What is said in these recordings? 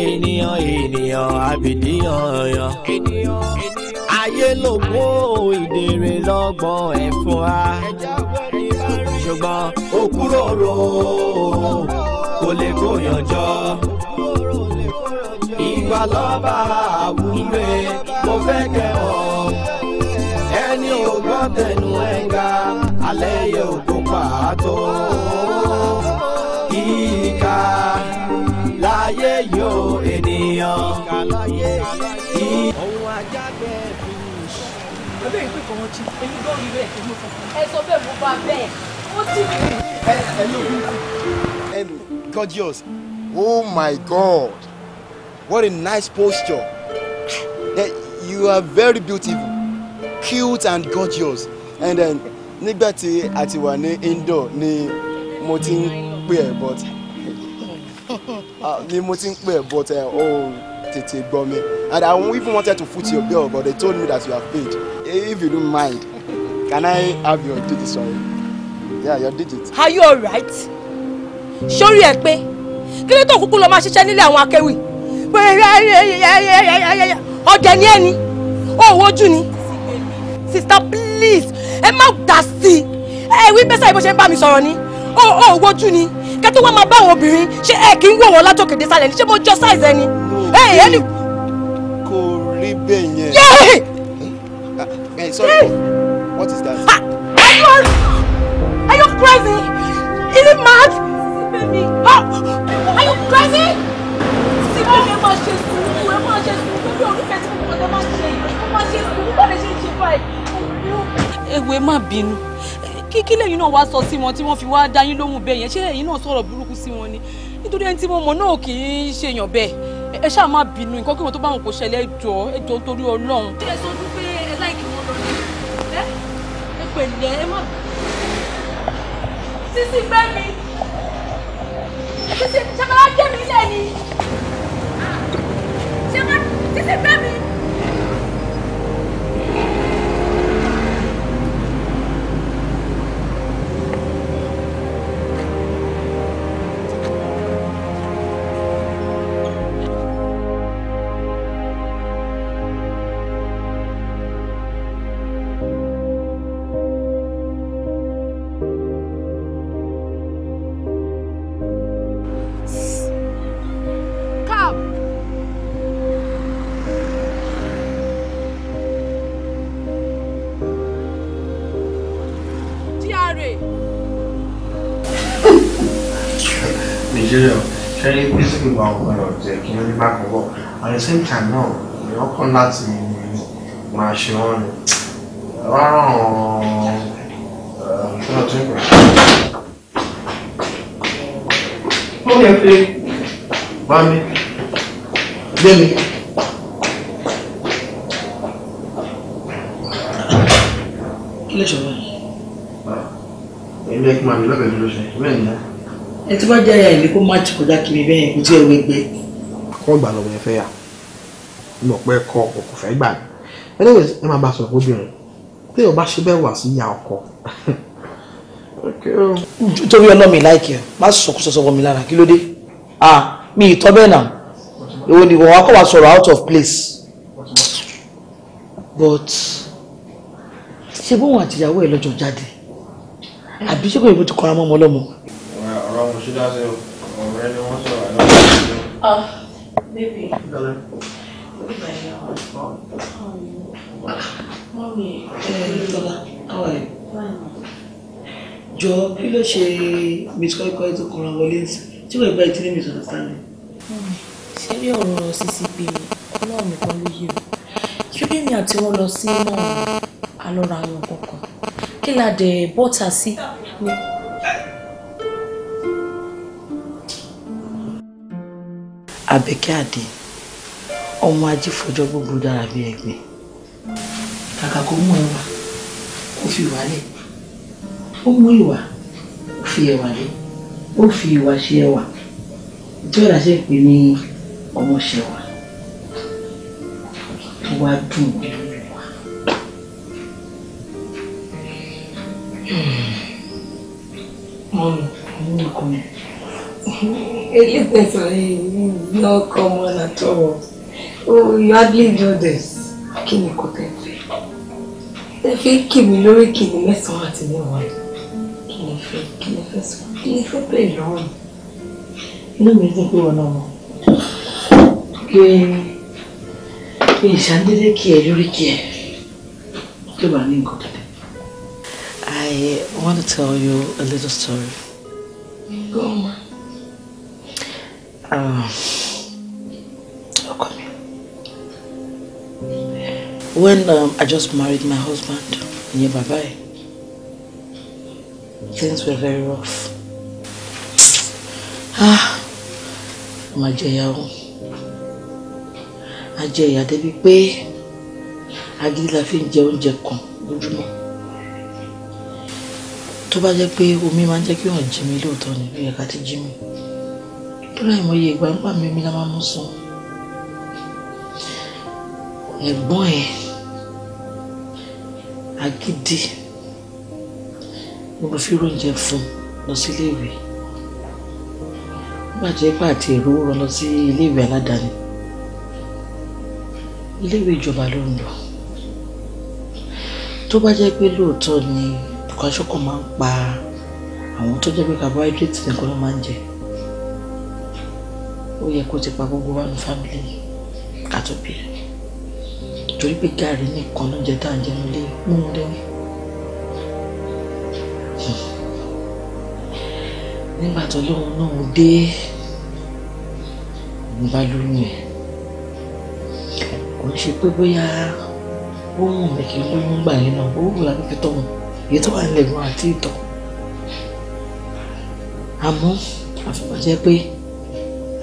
ènìyàn ènìyàn àbìdíyàn ọyàn. ayé ló kó ìdèrè lọ́gbọ̀n ẹ̀ fún wa. ṣùgbọ́n òkúròrò kò lè kóyàn jọ. ìgbà lọ́ba àwúre mo fẹ́ kẹ́ ọ. ẹni ògbọ́n tẹnu ẹ̀ ga alẹ́ yẹ ògùn pàtó. Ìka láyé yóò ènìyàn. ohun ajá bẹ́ẹ̀ fi ṣe. ọbẹ̀ ìpè kan wọ́n ti ẹni gbọ́ rí bẹ́ẹ̀ ẹni fọ́. ẹ sọ bẹ́ẹ̀ mo bá bẹ́ẹ̀ ó ti mi. ẹ ẹ ló ń ẹ gorgeous oh my god what a nice posture you are very beautiful cute and gorgeous and then nígbà tí a ti wà ní indoor ni mo ti ń pè ẹ́ but. Ah, ni mo ti ń pè but eh, o tètè gbọ́ mi and I even wanted to foot your bill but they told me that you are paid if you don't mind can I have your digit sorry yeah your digit. Are you alright? sórí ẹ pé kí ló tó kúkú lọ máa ṣiṣẹ́ nílé àwọn akẹ́wì ọ̀dẹ̀ ni ẹni e òwòjú ni sister please ẹ má dà sí i ẹ wí bẹ́sẹ̀ bó ṣe ń bá mi sọ̀rọ̀ ni òwòjú ni kẹ́ tó máa bá àwọn obìnrin ṣé ẹ kì í wò wọ́n látòkè dé sálẹ̀ ni ṣé mo jọ size ẹni. kò rí bẹ́ẹ̀ yẹn. what is that. Ah, are you crazy is it mad. Ah, are you crazy. ewé má bínú kí kí lẹ́yìn náà wá sọ sí wọn tí wọ́n fi wá dá yín lóhùn bẹ́ẹ̀ yẹn ṣé ẹ̀yin náà sọ̀rọ̀ burúkú sí wọn ni nítorí ẹni tí mo mọ̀ náà kì í ṣèyàn bẹ́ẹ̀ ẹ ṣáà má bínú nǹkan kí wọn tó bá wọn kò ṣẹlẹ̀ ẹjọ́ ẹjọ́ torí Ọlọ́run. ṣé ẹ sọ fún pé ẹ láìkí wọn lọ ní ẹ ẹ pẹ̀lẹ́ ẹ má. sísí gbẹ́ mi sísí ṣàkàlà jẹ́ mi lẹ́ni ṣé má sísí gbẹ́ mi. nàìjíríà ṣẹ́rí bísíkì wa ọ̀gbọ̀nọ̀ jẹ́ kí n rí bákan bọ̀ at the same time no, náà èèyàn kọ́ láti máa ṣe wọ́n ni wọ́n rán kí wọ́n tún pè. ó yẹ pé bá mi gbé mi. kí ló ṣe wọ́n yìí. èmi ẹ̀ kí n máa mi lọ́bẹ̀ẹ́ dúró ṣe bẹ́ẹ̀ ni ẹ tí wọ́n jẹ́ ẹ̀yà ìlú kó má ti kọjá kiri bẹ́ẹ̀ kò tí ẹ wé gbé. kọ́ gbà lọ́wọ́ yẹn fẹ́ yà mọ̀ pé ẹ̀kọ́ kò fẹ́ gbà ní ẹlẹ́yìn ẹ máa bá sọ̀rọ̀ fóbìnrin pé ọba ṣe bẹ́ẹ̀ wà sí ìyá ọkọ. Um. torí ọlọ́mi láìkí ẹ má sọkúsọ sọ wọmi lára kí ló dé ah mi ì tọ́ bẹ́ẹ̀ náà èwo ni wọ́n wá kọ́ wa sọ̀rọ̀ out of place but ṣé bóun àtìyàwó ẹ lọ́jọ́ jáde àbí ṣé kò yẹ kó ti kọ́ra mọ́ ọmọ ọlọ́mọ ojú dáṣẹ ọ̀rẹ́ ni wọ́n sọ̀rọ̀ àná. ah baby nígbà yẹn àwọn ọ̀pọ̀ mọ́mí ẹ̀ẹ́dọ́là káwá ẹ̀ jọ kí ló ṣe miss kọ́ikọ́ tó kọ́ra wọlé tí wọ́n bá ẹ ti ní miss understanding. Hmm. ṣé rí ọ̀rọ̀ ccp ọlọ́run nìkan ló yẹ o ṣé bí mi àti wọn lọ sí náà a lọ ra àwọn kankan kí la dẹ̀ bọ́tà sí Àbẹ̀kẹ́ Àdé ọmọ ajé fọjọ́ gbogbo dára bí ẹgbẹ́ kàkà kó mú ẹwà kó fi wà lẹ̀ ó mú ìwà kó fi ẹwà lẹ̀ ó fi ìwà ṣe ẹwà jọ́ra ṣe pé ní ọmọ ṣẹwà tó wá dùn wá. mọ́nù ọmọ nìkan ni eléyìí lọ kọ ọmọ náà you hardly know this kí ni kò tẹ́ fẹ́ ẹ fi kì mí lórí kì mí mẹ́sàn-án àti mẹ́wàá kí ni fẹ́ kí ni fẹ́ sọ kí ni fẹ́ bẹ́ẹ̀ lọ́rùn inú mi dùn pé wọn náà mọ̀ pé pé ìṣàndédé kí ẹ I want to tell you a little story. Go on, Ah. ọkọ mi when um, I just married my husband ìyẹn bàbá ẹ̀ things were very rough ah ọmọ àjẹyàwó àjẹyà débi pé agídí pay. I did jẹ oúnjẹ kan lójúmọ́ tó bá To buy omi pay, ń jẹ́ man. wọ́n jí mi lóòótọ́ ni ó yẹ ká ti jí mi láì mọye ìgbà nípa mi omi la máa mú sùn ẹ̀gbọ́n ẹ̀ agídí ni mo fi róúnjẹ fún lọ sí iléèwé nígbà tó yẹ pé àti èrò rán lọ sí iléèwé aládàáni iléèwé ìjọba ló ń lọ tó bá jẹ́ pé lóòótọ́ ni bùkásọ́kọ̀ máa ń pa àwọn tó jẹ́ pé carbohydrate nìkan ló máa ń jẹ ó yẹ kó ti pa gbogbo wa ní fámìlì yìí ká tó bẹ̀rẹ̀ torí pé gàrí nìkan ló jẹ tá à ń jẹun lé múnú lẹ́wọ̀n nígbà tó lóun náà dé òun bá lóyún ẹ̀ kò ń ṣe pé bóyá ó wù mí kí n lóyún gbà yín náà ó wù láti fi tọ́ èyí tó wà nílẹ̀ gan àti ìtọ̀ àmọ́ àfọwọ́jẹ́ pé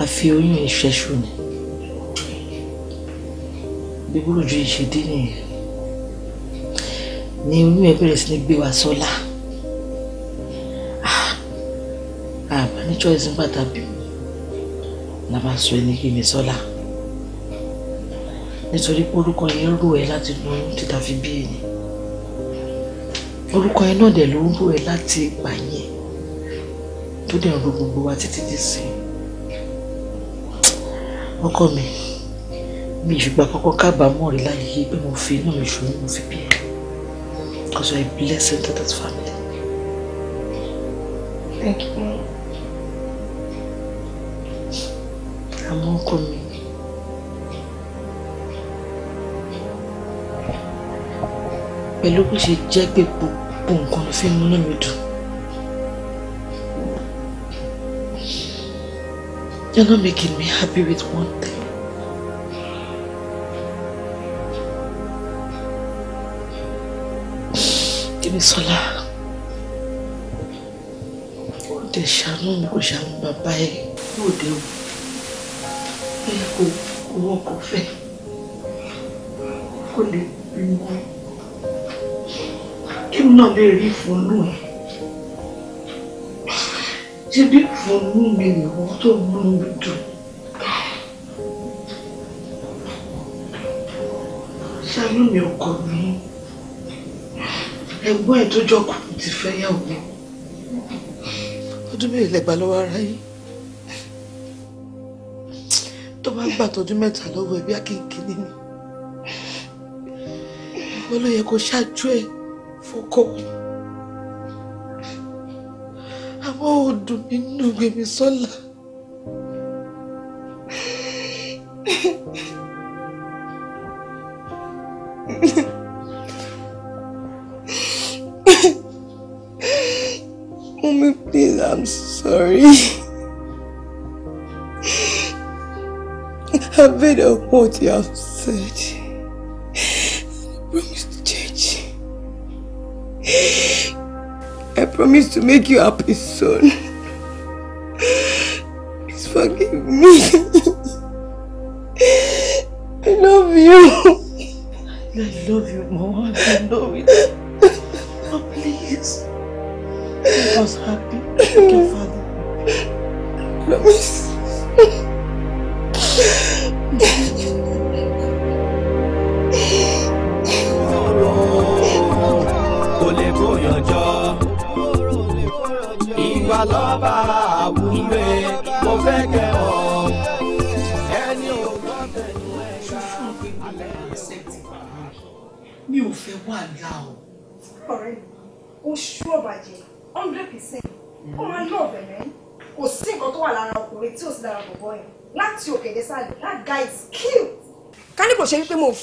a fi oyún yìí ṣẹ́ṣù ni bí búròjú yìí ṣe dé nìyẹn ni oyún ẹ bẹ̀rẹ̀ sí ní gbé wa sọ́lá ah! àbá ní choice ń bàtà bí la máa sọ ẹni kí mi sọ́lá nítorí pé orúkọ yẹn rò ẹ láti gun títa fi bí ẹni orúkọ yẹn náà dẹ̀ ló ń rò ẹ láti gbà tó dẹ̀ ń ro gbogbo wa títí dé sí i ọkọ mi mi ìṣùgbà kọ́kọ́ kábàámọ̀ rí láyé yìí pé mo fi inú mi ṣòro mo fi bí ẹ because you are a blessing to that family. Thank you. àmọ́ ọkọ mi pẹ̀lú bó ṣe jẹ́ pé gbogbo nǹkan ló fi múnú mi dùn. You're not making me happy with one thing. Give me dé ṣàánú shalom, ṣàánú bàbá ẹ̀. Ó dé o, ó yẹ kó owó kò fẹ́, kó lè bímọ. Kí n náà lè ṣe bí fòónù mi nìwọ tó múnú mi dùn. ṣàánú mi ọkọ mi ẹ̀gbọ́n ẹ̀ tó jọkùn ti fẹ́ yàwó ọdún mélòó lẹ́gbàá lọ́wọ́ ara yìí tó bá gbà tọdún mẹ́ta lọ́wọ́ ẹ̀bí akínkínní ni ìwọ ló yẹ kó ṣáájú ẹ̀ fọkọ ó dùn mí nù gbèmí sọ́la. please, I'm sorry. I've made up what you have said. promise to make you happy soon. Please forgive me. I love you. I love you, more.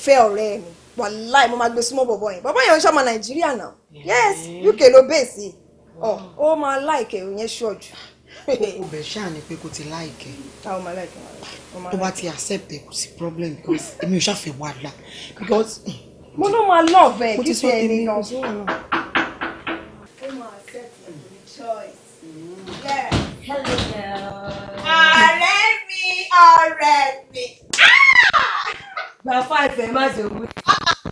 fẹ́ ọ̀rẹ́ mi wàláì mo máa gbé súnmọ́ bọ̀bọ̀ yẹn bọ̀bọ̀ yẹn ń ṣọmọ nàìjíríà náà yes uk ló bèèsì ọ ó máa láìkẹ́ ìyẹn ṣọ́ọ̀jù. o bẹ̀ ṣáà ni pé kò ti láìkẹ́. a ó máa láìkẹ́ tó bá ti accept ẹ kò sí problem because èmi ò ṣàfẹ́ wàhálà because. Hmm. mo ló máa love ẹ kí tiẹ̀ ní náà. ó máa accept your choice. Yeah. Hello. ọ̀rẹ́ mi ọ̀rẹ́ mi. Ah! gba five ẹ má ṣe wí.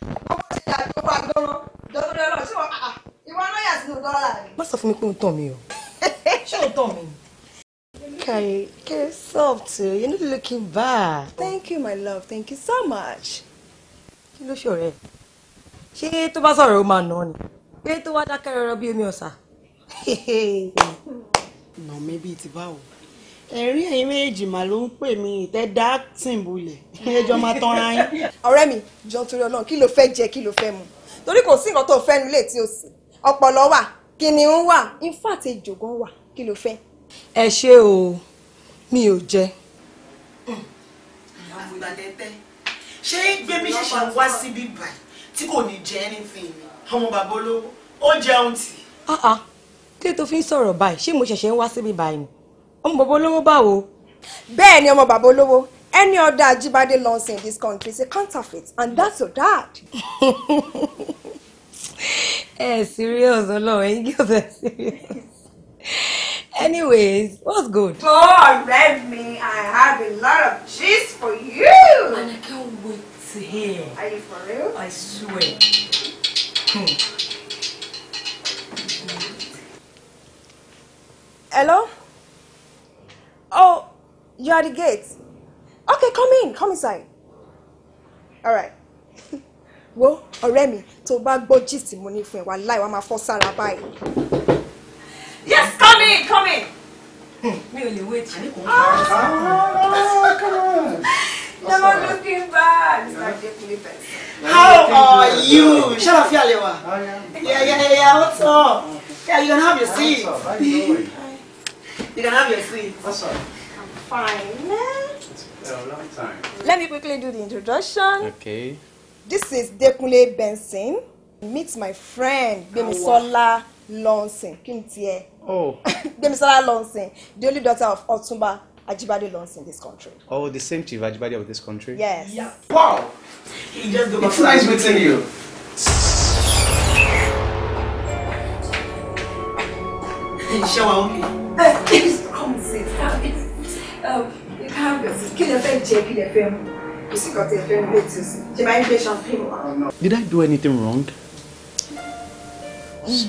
ọmọ ìyá tó wà gbọ́rọ̀ dọ́gbọ́dọ́ lọ sí wọn ìwọ náà yà sínú dọ́là rẹ. má sọ fún mi pé o tàn mí o. ṣé o tàn mí. Kai, get soft. You're not looking bad. Thank you, my love. Thank you so much. Kí ló ṣe ọ̀rẹ́? Ṣé tó bá sọ̀rọ̀ ó máa nà ni? Pé tó wá dákẹ́ rọrọ bí omi ọ̀sà? Nà mí bíi ti báwo ẹ̀rí ẹ̀yin méjì mà ló ń pè mí ìtẹ́ dá tìǹbùlẹ̀ ẹjọ́ máa tanra yín. ọ̀rẹ́ mi jọ torí ọlọ́run kí ló fẹ́ jẹ kí ló fẹ́ mu torí kò sí nǹkan tó fẹ́ nulẹ̀ tí o sì ọpọlọ wà kìnìún wà infact ìjògùn wà kí ló fẹ́. ẹ ṣe o mi ò jẹ. ṣé gbẹmí ṣẹ̀ṣẹ̀ wá síbí báyìí tí kò ní jẹ anything ọmọ bàbá olówó ó jẹun tì. Ah, ah. kí ló tó fi ń sọ̀rọ̀ báyìí ṣé mo ṣẹ̀ṣẹ̀ ń wá síbí báyìí ọmọ bàbá olówó báwo. bẹ́ẹ̀ ni ọmọ bàbá olówó any other ajibade laws in this country is a counterfeit and that's your dad. ẹ eh, serious Ọlọ́run ẹyin kí fẹ serious. Anyways, what's good? Oh, let me. I have a lot of cheese for you. And I can't wait to hear. Are you for real? I swear. Hmm. Hello? You are the gate. Okay, come in, come inside. All right. Wo ọ̀rẹ́ mi tó bá gbọ́ gist mo ní fún ẹ wà láì wàá máa fọ́ sára báyìí. Yes, come in, come in. Hmm. Mi ò lè wait. Never ah, looking back. How are you? Ṣàlàfíà lè wà. Yeah, yeah, yeah, what's up? Yeah, you can have your seat. You can have your seat. What's up? fine. Yeah, long time. Let me quickly do the introduction. Okay. This is Dekule Benson. Meet my friend Bemisola Lonsin. Kí ni tiẹ̀? Oh. Bemisola Lonsin, the only daughter of Otumba Ajibade Lonsin in this country. Oh, the same Chief Ajibade of this country? Yes. Yeah. Wow! He just got nice meeting you. Shower, okay. Oh, Did I do anything wrong?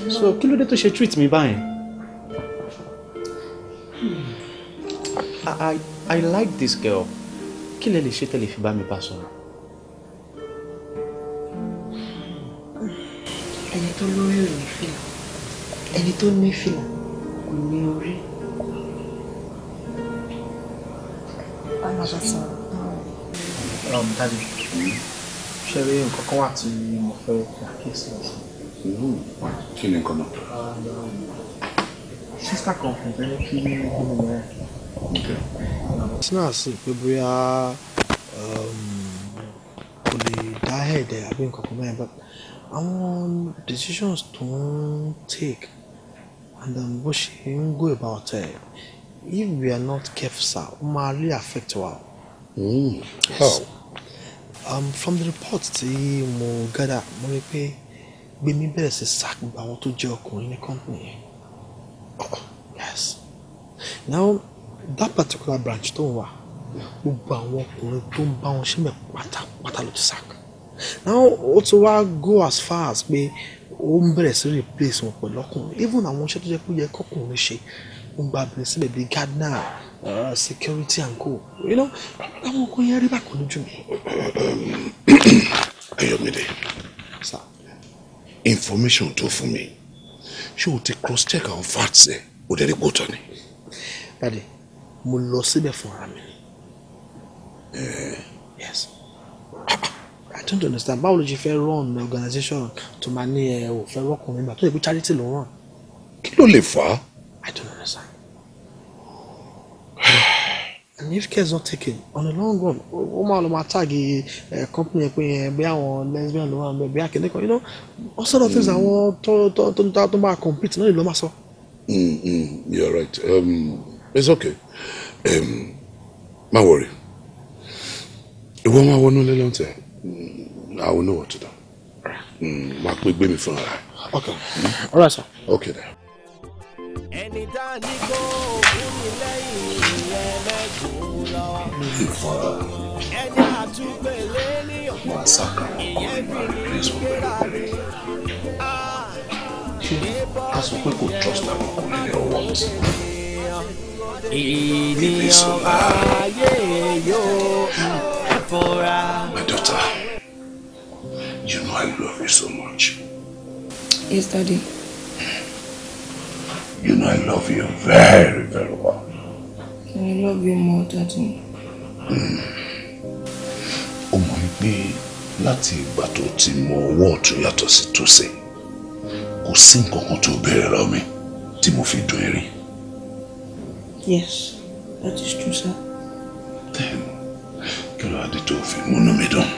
So kí ló dé she ṣe treat mi báyìí? Hmm. I I like this girl. Kí lè lè ṣe tẹ́lẹ̀ fi bá mi bá sọ̀rọ̀? Ẹni tó lórí ò ní fìlà, ẹni tó ní fìlà kò ní máa bá sọ̀rọ̀. dadi ṣe rí nǹkan kan wà tí mo fẹ́ àkíyèsí ọ̀sán. kí ni nǹkan náà. sísá kan kò fẹ́ kí gbogbo rẹ̀. sinasi pé bóyá um, kò lè dá ẹ̀ẹ́dẹ̀ àbí nǹkan kan mẹ́rin bẹ́ẹ̀ àwọn decisions tó ń take and um, bó ṣe ń go about it if we are not careful sir ó máa really affect wa. Mm. Yes. How? Um, from the report tí mo gather mo rí pé Gbémi bẹ̀rẹ̀ sí sack àwọn tó jẹ́ ọkùnrin ní company Yes. Now that particular branch tó ń wà gbogbo àwọn ọkùnrin tó ń bá wọn ṣe mẹ́ pátápátá ló ti sack. Now ó ti wá go as far as pé ó ń bẹ̀rẹ̀ sí replace wọn pẹ̀lú ọkùnrin even àwọn iṣẹ́ tó jẹ́ pé ó yẹ kọ́kùnrin ṣe ń gba abìnrin sílẹ̀ uh, security and co you know àwọn ọkọ yẹn rí bákan lójú mi. ayọ̀mídé information tó fún mi ṣé o ti cross check àwọn facts ẹ o dẹ̀ rí gbótọ́ ni. dadi mo lọ síbẹ̀ fúnra mi. Eh. yes. I don't understand báwo ló ṣe fẹ́ run organization tó máa ní ẹ eh, ò fẹ́ rọ́kùnrin gbà tó lè pé charity ló ràn. kí ló lè fà á. I don't understand and if care is not taken on a long run ó máa lọ máa tag eh, company pé eh, bí àwọn lesbian ló wà ń bẹ bí kan you know all sort of things mm. àwọn tó tó tó tó tó máa compete náà ló máa sọ. Mm, mm, you are right um, it's okay um, má worry woman máa wọnú ilé lọ́ntẹ̀ I will know what to do máa pé gbé mi fún ara. okay mm? all right sir. okay then. ẹni tá a ní kó ìfara máa ṣàkàwọ̀ ọkùnrin máa replace wọn pẹ̀lú trust àwọn ọkùnrin rẹ̀ ọwọ́ mi. ènìyàn ayé yóò fura. My daughter, you know I love you so much. Yes, Daddy. You know I love you very, very well. I love you more, Daddy ó mọ̀ wípé láti ìgbà tó ti mọ ọwọ́ ọ̀tún yàtọ̀ sí tòsí kò sí nǹkan kan tó béèrè lọ mi tí mo fi dùn ẹ́ yes that is true sir. then kí ló adé tó fi múnú mi dùn.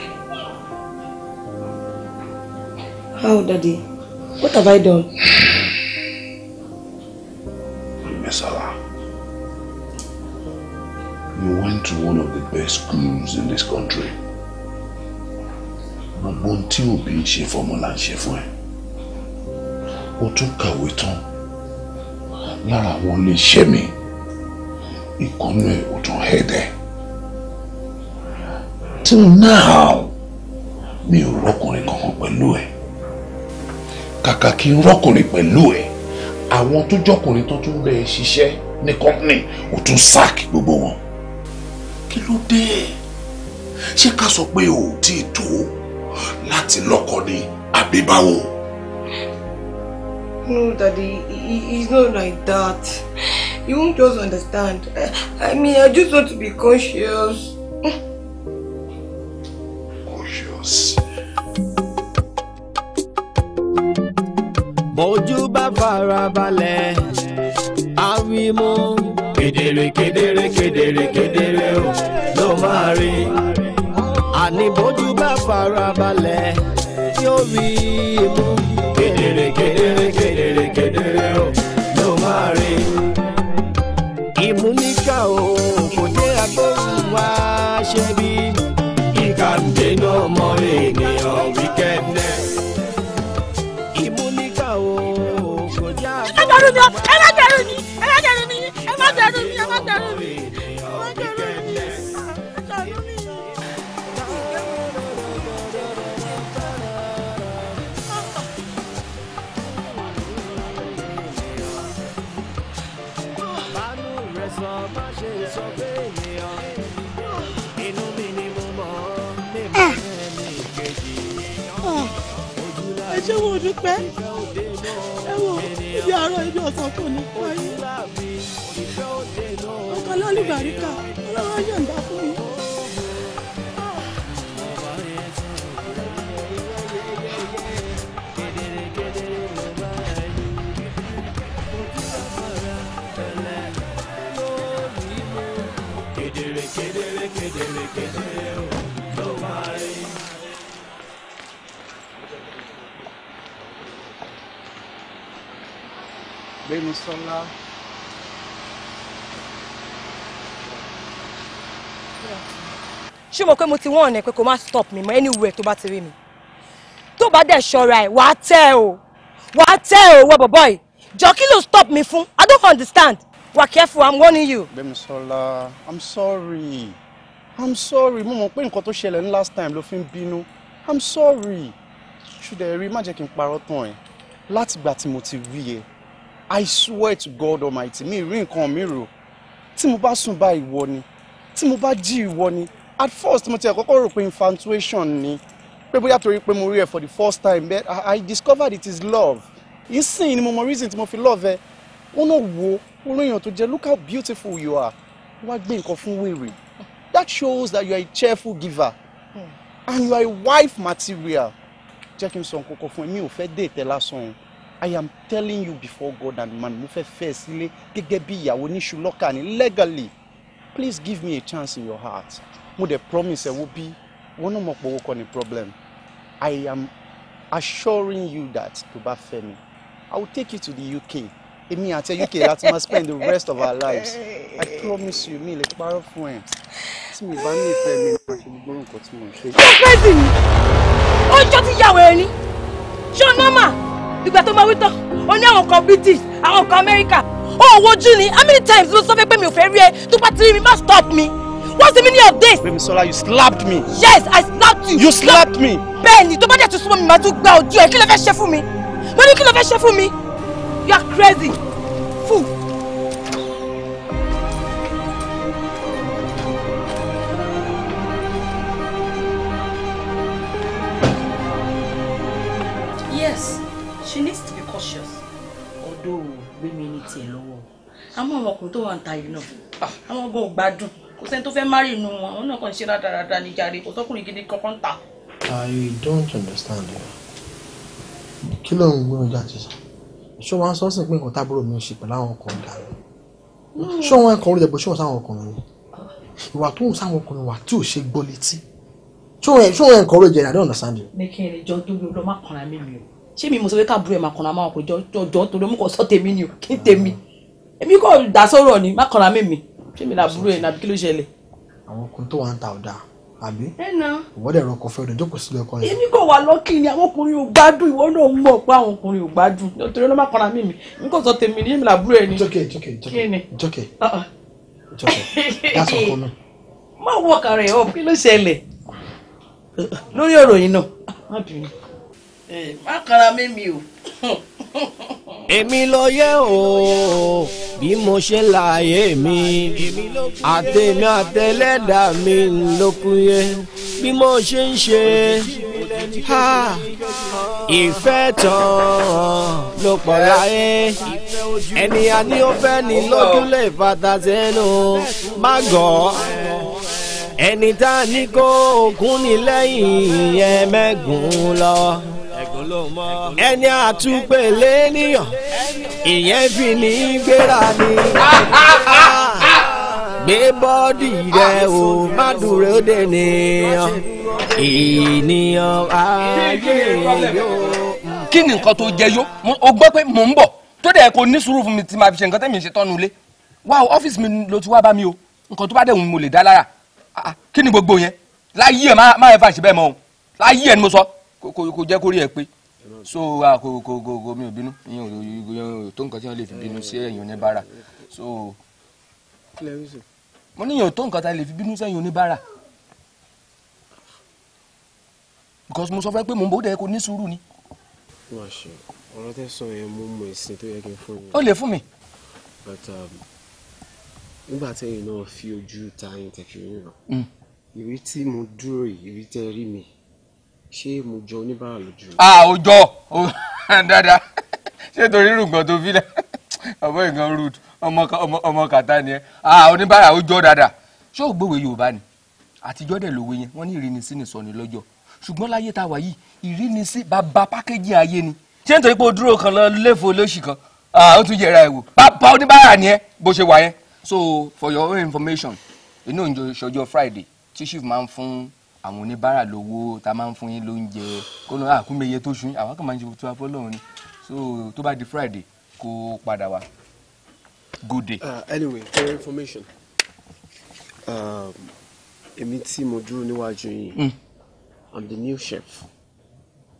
how daddy what have i done. Mesala. You went to one of the best schools in this country. Gbogbo ohun tí òbí ń ṣe fọmọ là ń ṣe fún ẹ. O tún kàwé tán. Lára àwọn ilé mi, ìkànnì ẹ̀ ò tún hẹ́dẹ̀. Till now, mi ò rọ́kùnrin kankan pẹ̀lú ẹ̀. Kàkà kí n rọ́kùnrin pẹ̀lú ẹ̀, àwọn tó jọkùnrin tó tún bẹ́ẹ̀ ṣiṣẹ́ ní kọ́ńpìnì ò tún sáàkì gbogbo wọn kí ló dé ṣé ká sọ pé ò tí tó láti lọ́kọ ni àbí báwo. No, Daddy, it's not like that. You won't just understand. I, I mean, I just want to be conscious. Conscious. bá farabalẹ̀, àwìmọ̀ kedere kedere kedere kedere o ló máa rí àní bójú bá farabalẹ̀ yóò rí imú. kedere kedere kedere kedere o ló máa rí imú o. pẹ́ ẹ wo ibi àárọ̀ ibi ọ̀sán kò ní pẹ́ yín ọ̀kan lálùbáríkà yẹ. Bísọ́lá. ṣé mo pé mo ti wọ́n ọ̀nà pé kò má stop mi mọ́ anywhere tó bá ti rí mi tó bá dẹ̀ ṣọ́ra ẹ̀ wàá tẹ́ o wàá tẹ́ o wọ bọ̀bọ̀ yìí jọ kí ló stop mi fún I don't understand wà careful I'm warning you. Bẹ́misọ́lá I'm sorry I'm sorry mo mọ̀ pé nǹkan tó ṣẹlẹ̀ ní last time ló fi ń bínú I'm sorry ṣùdẹ̀ rí má jẹ́ kí n parọ́ tán ẹ̀ látìgbà tí mo ti rí ẹ I swear to God Almighty mi rí nǹkan mi rò tí mo bá sùn bá ìwọ ni tí mo bá jí ìwọ ni at first mo ti àkọ́kọ́ rò pé infatuation ni pé bóyá torí pé mo rí ẹ for the first time but I, I discovered it is love ìsìn ni mo mọ reason tí mo fi love ẹ wọn náà wo orin èèyàn tó jẹ look how beautiful you are wá gbé nǹkan fún wèrè that shows that you are a cheerful giver hmm. and you are a wife material jẹ́ kí n sọ nǹkan kan fún ẹ mi ò fẹ́ dé ìtẹ́ lásán o. I am telling you before God and man mo fẹ́ fẹ́ sílé gẹ́gẹ́ bí ìyàwó níṣu lọ́kà ni legally please give me a chance in your heart mo dẹ̀ promise ẹ wo bí wọn náà mọ̀ pé owó kọ́ ni problem I am assuring you that to bá fẹ́ mi I will take you to the UK èmi àti UK láti máa spend the rest of our lives I promise you mi lè parọ́ fún ẹ tí mi bá ní ìfẹ́ mi máa ṣe gbogbo nǹkan tí mo ń ṣe. ṣé pẹ́ẹ́sì ni ọjọ́ ti yàwó ẹni ṣọ́nọ́mà ìgbà tó máa wí tán ó ní àwọn kan british àwọn kan america ó wojú ni how many times ló sọ fẹ́ pé mi ò fẹ́ rí ẹ tó bá ti mi má stop me what's the meaning of this. Remisola you slapped me. yes I slapped you. you slapped me. bẹ́ẹ̀ni tó bá dẹ̀ tún súnmọ́ mi màá tún gba ojú ẹ kí ló fẹ́ ṣe fún mi mo ní kí ló fẹ́ ṣe fún mi you are crazy fool. tiẹ̀ lọ́wọ́ àmọ́ àwọn ọkùnrin tó wà ń ta yìí náà ah. àwọn gan ò gbádùn kò sẹ́ni tó fẹ́ má rí inú wọn àwọn náà kàn ṣe rádaràda ní jàre kò sọ́kùnrin gidi kankan ta. I don't understand you kí ló ń gbìyànjú àti sọ ṣé wọn sọ sí pé nǹkan tábúrò mi ń ṣe pẹ̀lú àwọn ọkùnrin dàrú ṣé wọn kàn ń rẹ̀ bọ̀ ṣé wọn sáwọn ọkùnrin ni ìwà tó ń sáwọn ọkùnrin wà tí ò ṣe gbọ́ létí ṣé wọn kàn ń rẹ̀ jẹ́ I don't understand ṣé mi mo sọ pé káàbùrù ẹ̀ máa kànra máa kò jọjọ torí mo kàn sọ tèmi ni o kí n tèmi èmi kò dá sọ̀rọ̀ ni má kànra mímì ṣé mi làbúrò ẹ̀ nàbí kí ló ṣẹlẹ̀. àwọn ọkùnrin tó wà ń ta ọ̀dà àbí. ìwọ́dẹ̀ ẹ̀rọ kọfẹ́ ọdún jókòó sílé ọkọ yẹn. èmi kò wà lọ́kì ni àwọn ọkùnrin ò gbádùn ìwọ náà mọ̀ pé àwọn ọkùnrin ò gbádùn torí ọlọ́mọ kan mi mi n kò sọ tèmi ní èmi làbúrò ẹ ni. it's okay it's okay it's okay it's okay it's okay that's all for me. má wọ ọkà rẹ̀ ọ̀ kí ló ṣẹlẹ̀ lórí ọ̀rọ̀ yìí náà má bínú. Eh, má kanra mímì o. èmi ló yẹ o bí mo ṣe láàyè mi àtẹ̀mí àtẹlẹ́dà mi ló kú yẹ bí mo ṣe ń ṣe ìfẹ́ tán ló pọ̀ láyé ènìyàn ni ó fẹ́ ní lójú lè fata sẹ́nu má gọ̀ ẹni tá a ní kó ogún ní lẹ́yìn ẹ̀ẹ́mẹ́gùn lọ ẹni àtúpẹ̀lẹ́ níyàn ìyẹn fi ní gbéra ni gbé bọ́dì rẹ o má dúró dé nìyàn ènìyàn ayé yóò. kí ni nǹkan tó jẹ yó o gbọ́ pé mò ń bọ̀ tó dẹ̀ kò ní sùúrù fún mi tí màá fi ṣe nǹkan tẹ̀mí ṣe tọ́nu ilé wá o ọ́fíìsì mi ló ti wá bá mi o nǹkan tó bá dẹ̀ wù mí mo lè dá lára ah, ah, kí ni gbogbo yẹn láyé ẹ̀ má ẹ̀ fà ṣe bẹ́ẹ̀ mọ́ o láyé ẹ̀ ni mo sọ kò jẹ́ kó rí ẹ pé so kò kò kò mi ò bínú ìyẹn ò tó nǹkan tí wọ́n lè fi bínú sí ẹ̀yìn oníbàárà so mo níyàn tó nǹkan tá a lè fi bínú sẹ́yìn oníbàárà because mo sọ fẹ́ pé mo ń bó dẹ̀ kó ní sùúrù ni. ọ̀rọ̀ tẹ́ sọ yẹn mo mọ ìsìn tó yẹ kí n fún yín. ó lè fún mi. but um, nígbà tẹ́yìn náà fi ojú ta yín tẹ̀ fi rí mm. ìrètí mo dúró ìrètí ẹ mi ṣé mo jọ oníbàárà lójú. a ò jọ dáadáa ṣé torí irú nǹkan tó fi dá ọmọ ìgan rude ọmọ kàtá ni ẹ a oníbàárà ó jọ dáadáa ṣé ò gbòwe yorùbá ni àtijọ́ dẹ̀ lòwe yẹn wọ́n ní ìrínisí ni sọ̀ni lọ́jọ́ ṣùgbọ́n láyé tá a wà yìí ìrínisí bàbá pákéjì ayé ni ṣé nítorí pé o dúró kan lọ léfo lóṣì kan ó tún yẹra ẹ wò pápá oníbàárà ni ẹ bó ṣe wà yẹn so for your own information inú ìjọ ìṣọjọ friday tí chief máa ń fún àwọn oníbàárà lówó tá a máa ń fún yín lóúnjẹ kó lọ́ọ́ àkúmẹ̀yẹ ah, tó sún àwọn kan máa ń ṣe tó afọ́ lọ́run ni so tó bá di Friday kó padà wá good day. Uh, anyway for information um, èmi tí mo dúró níwájú yìí hmm. I'm the new chef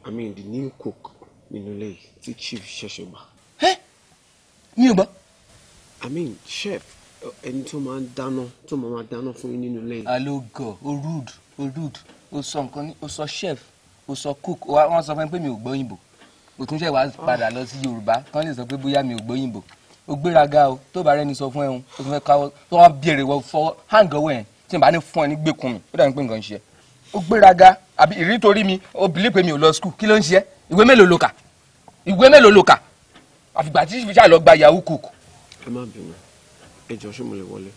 I mean the new cook nínú ilé tí chief ṣẹ̀ṣẹ̀ gbà. ẹ mi ò I mean chef ẹni tó máa ń dáná tó máa máa dáná fún yín nínú ilé alo gọ o rude o rude o sọ nǹkan ní o sọ chef o sọ cook wọn sọ fún mi pé mi ò gbóyìnbó o tún ṣe wàá padà lọ sí yorùbá kán lè sọ pé bóyá mi ò gbóyìnbó o gbéraga o tó bá rẹni sọ fún ẹ o tún fẹ́ káwọ́ tó wọn béèrè wọ fọwọ́ hàn gọwọ yẹn tí n bá ní fún ẹ ní gbẹkùn mi ó dàbí pé nǹkan ń ṣe ó gbéraga àbí ìrírí torí mi ó bìlí pé mi ò lọ skul kí ló ń ṣe ìwé mélòó ló kà ìwé mélòó ló kà àfìgbà tí ìfisà lọ gba yahoo cook. ẹ má bínú ẹ ṣé mo lè wọlé.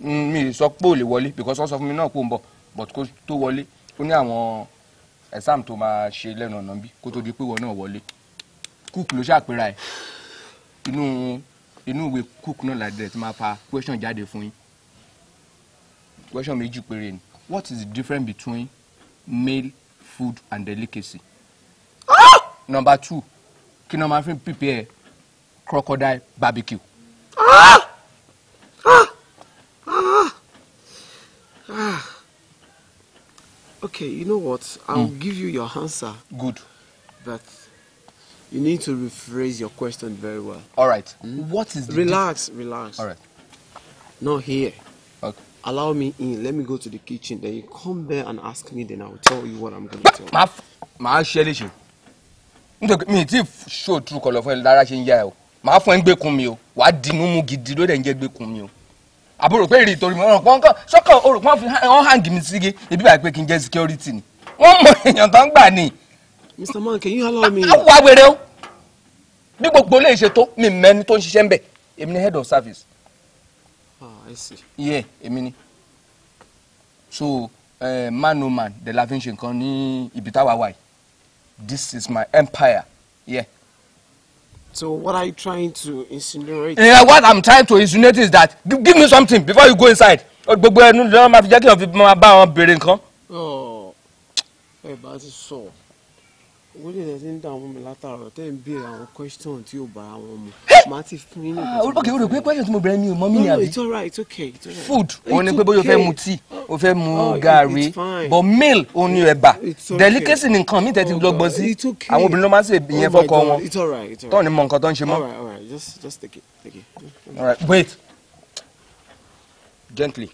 Mm, mi sọ pé ò lè wọlé because wọ́n sọ fún mi náà pé ò ń but kó tó wọlé ó ní àwọn exam tó máa ṣe lẹ́nu ọ̀nà bí kó tó di pé wọn náà wọlé cook ló ṣàpèrà ẹ̀ inú inú ìwé cook náà ládìrẹ̀ tí máa fa question jáde fún yín question méjì péré ni what is the difference between male food and delicacy number two kí ni wọ́n máa fi prepare crocodile barbecue. Ah! okay, you know what? I'll mm. give you your answer. Good. But you need to rephrase your question very well. All right. Mm? What is the Relax, relax. All right. Not here. Okay. Allow me in. Let me go to the kitchen. Then you come there and ask me. Then I'll tell you what I'm going to tell. Màá màá ṣe léṣe. Nítorí mi ti show true color fún ẹ lára ṣe ń yá ẹ o. Màá fún ẹ ń gbé kun mi o. Wàá dinú mú gidi ló dẹ̀ ń jẹ́ gbé kun mi o àbúrò pé èrè ìtòrí mọ́ ọ̀pọ̀ nǹkan sọ́kàn olùpọ̀ fi wọ́n hàǹgì mi sígi ibi báyìí pé kí n jẹ́ security ni wọ́n mọ èèyàn tó gbà ni. Mr. Man can you allow me. àwọn awèrè o bí gbogbo lè ṣe tó mi mẹ́ni tó ń ṣiṣẹ́ ń bẹ̀ èmi ni head of service. ah I see. iye èmi ni so eh, man no oh man de la fi ń ṣe nǹkan ní ibi táwa wà this is my empire yeah. So what are you trying to insinuate? Yeah, what I'm trying to insinuate is that give, give me something before you go inside. Oh, gbogbo ẹnu lọ́wọ́ máa fi jẹ́ kí wọ́n máa bá wọn béèrè nǹkan. Oh, ẹ bá ti sọ wọ́n lè ti ń dààmú mi látàrọ̀ tẹ́ ń béèrè àwọn question tí ò bá àwọn mu màá ti fún yín nìkan. Ah, ok o rò pé question tí mo bẹ̀rẹ̀ mi ò mọ mi ni àbí. it's alright it's okay it's alright. food òun ni pé bóyá o fẹ́ mu tea o fẹ́ mu oh, gààrí but meal òun ni ẹ̀bà delicacy ni nǹkan mi tẹ́ ti oh, lọ́gbọ́n sí àwọn obìnrin ló máa ń ṣe ìyẹn oh, fọ́kọ wọn tó ní mọ nǹkan tó ń ṣe mọ́. alright alright just just take it take it. All right. wait gently.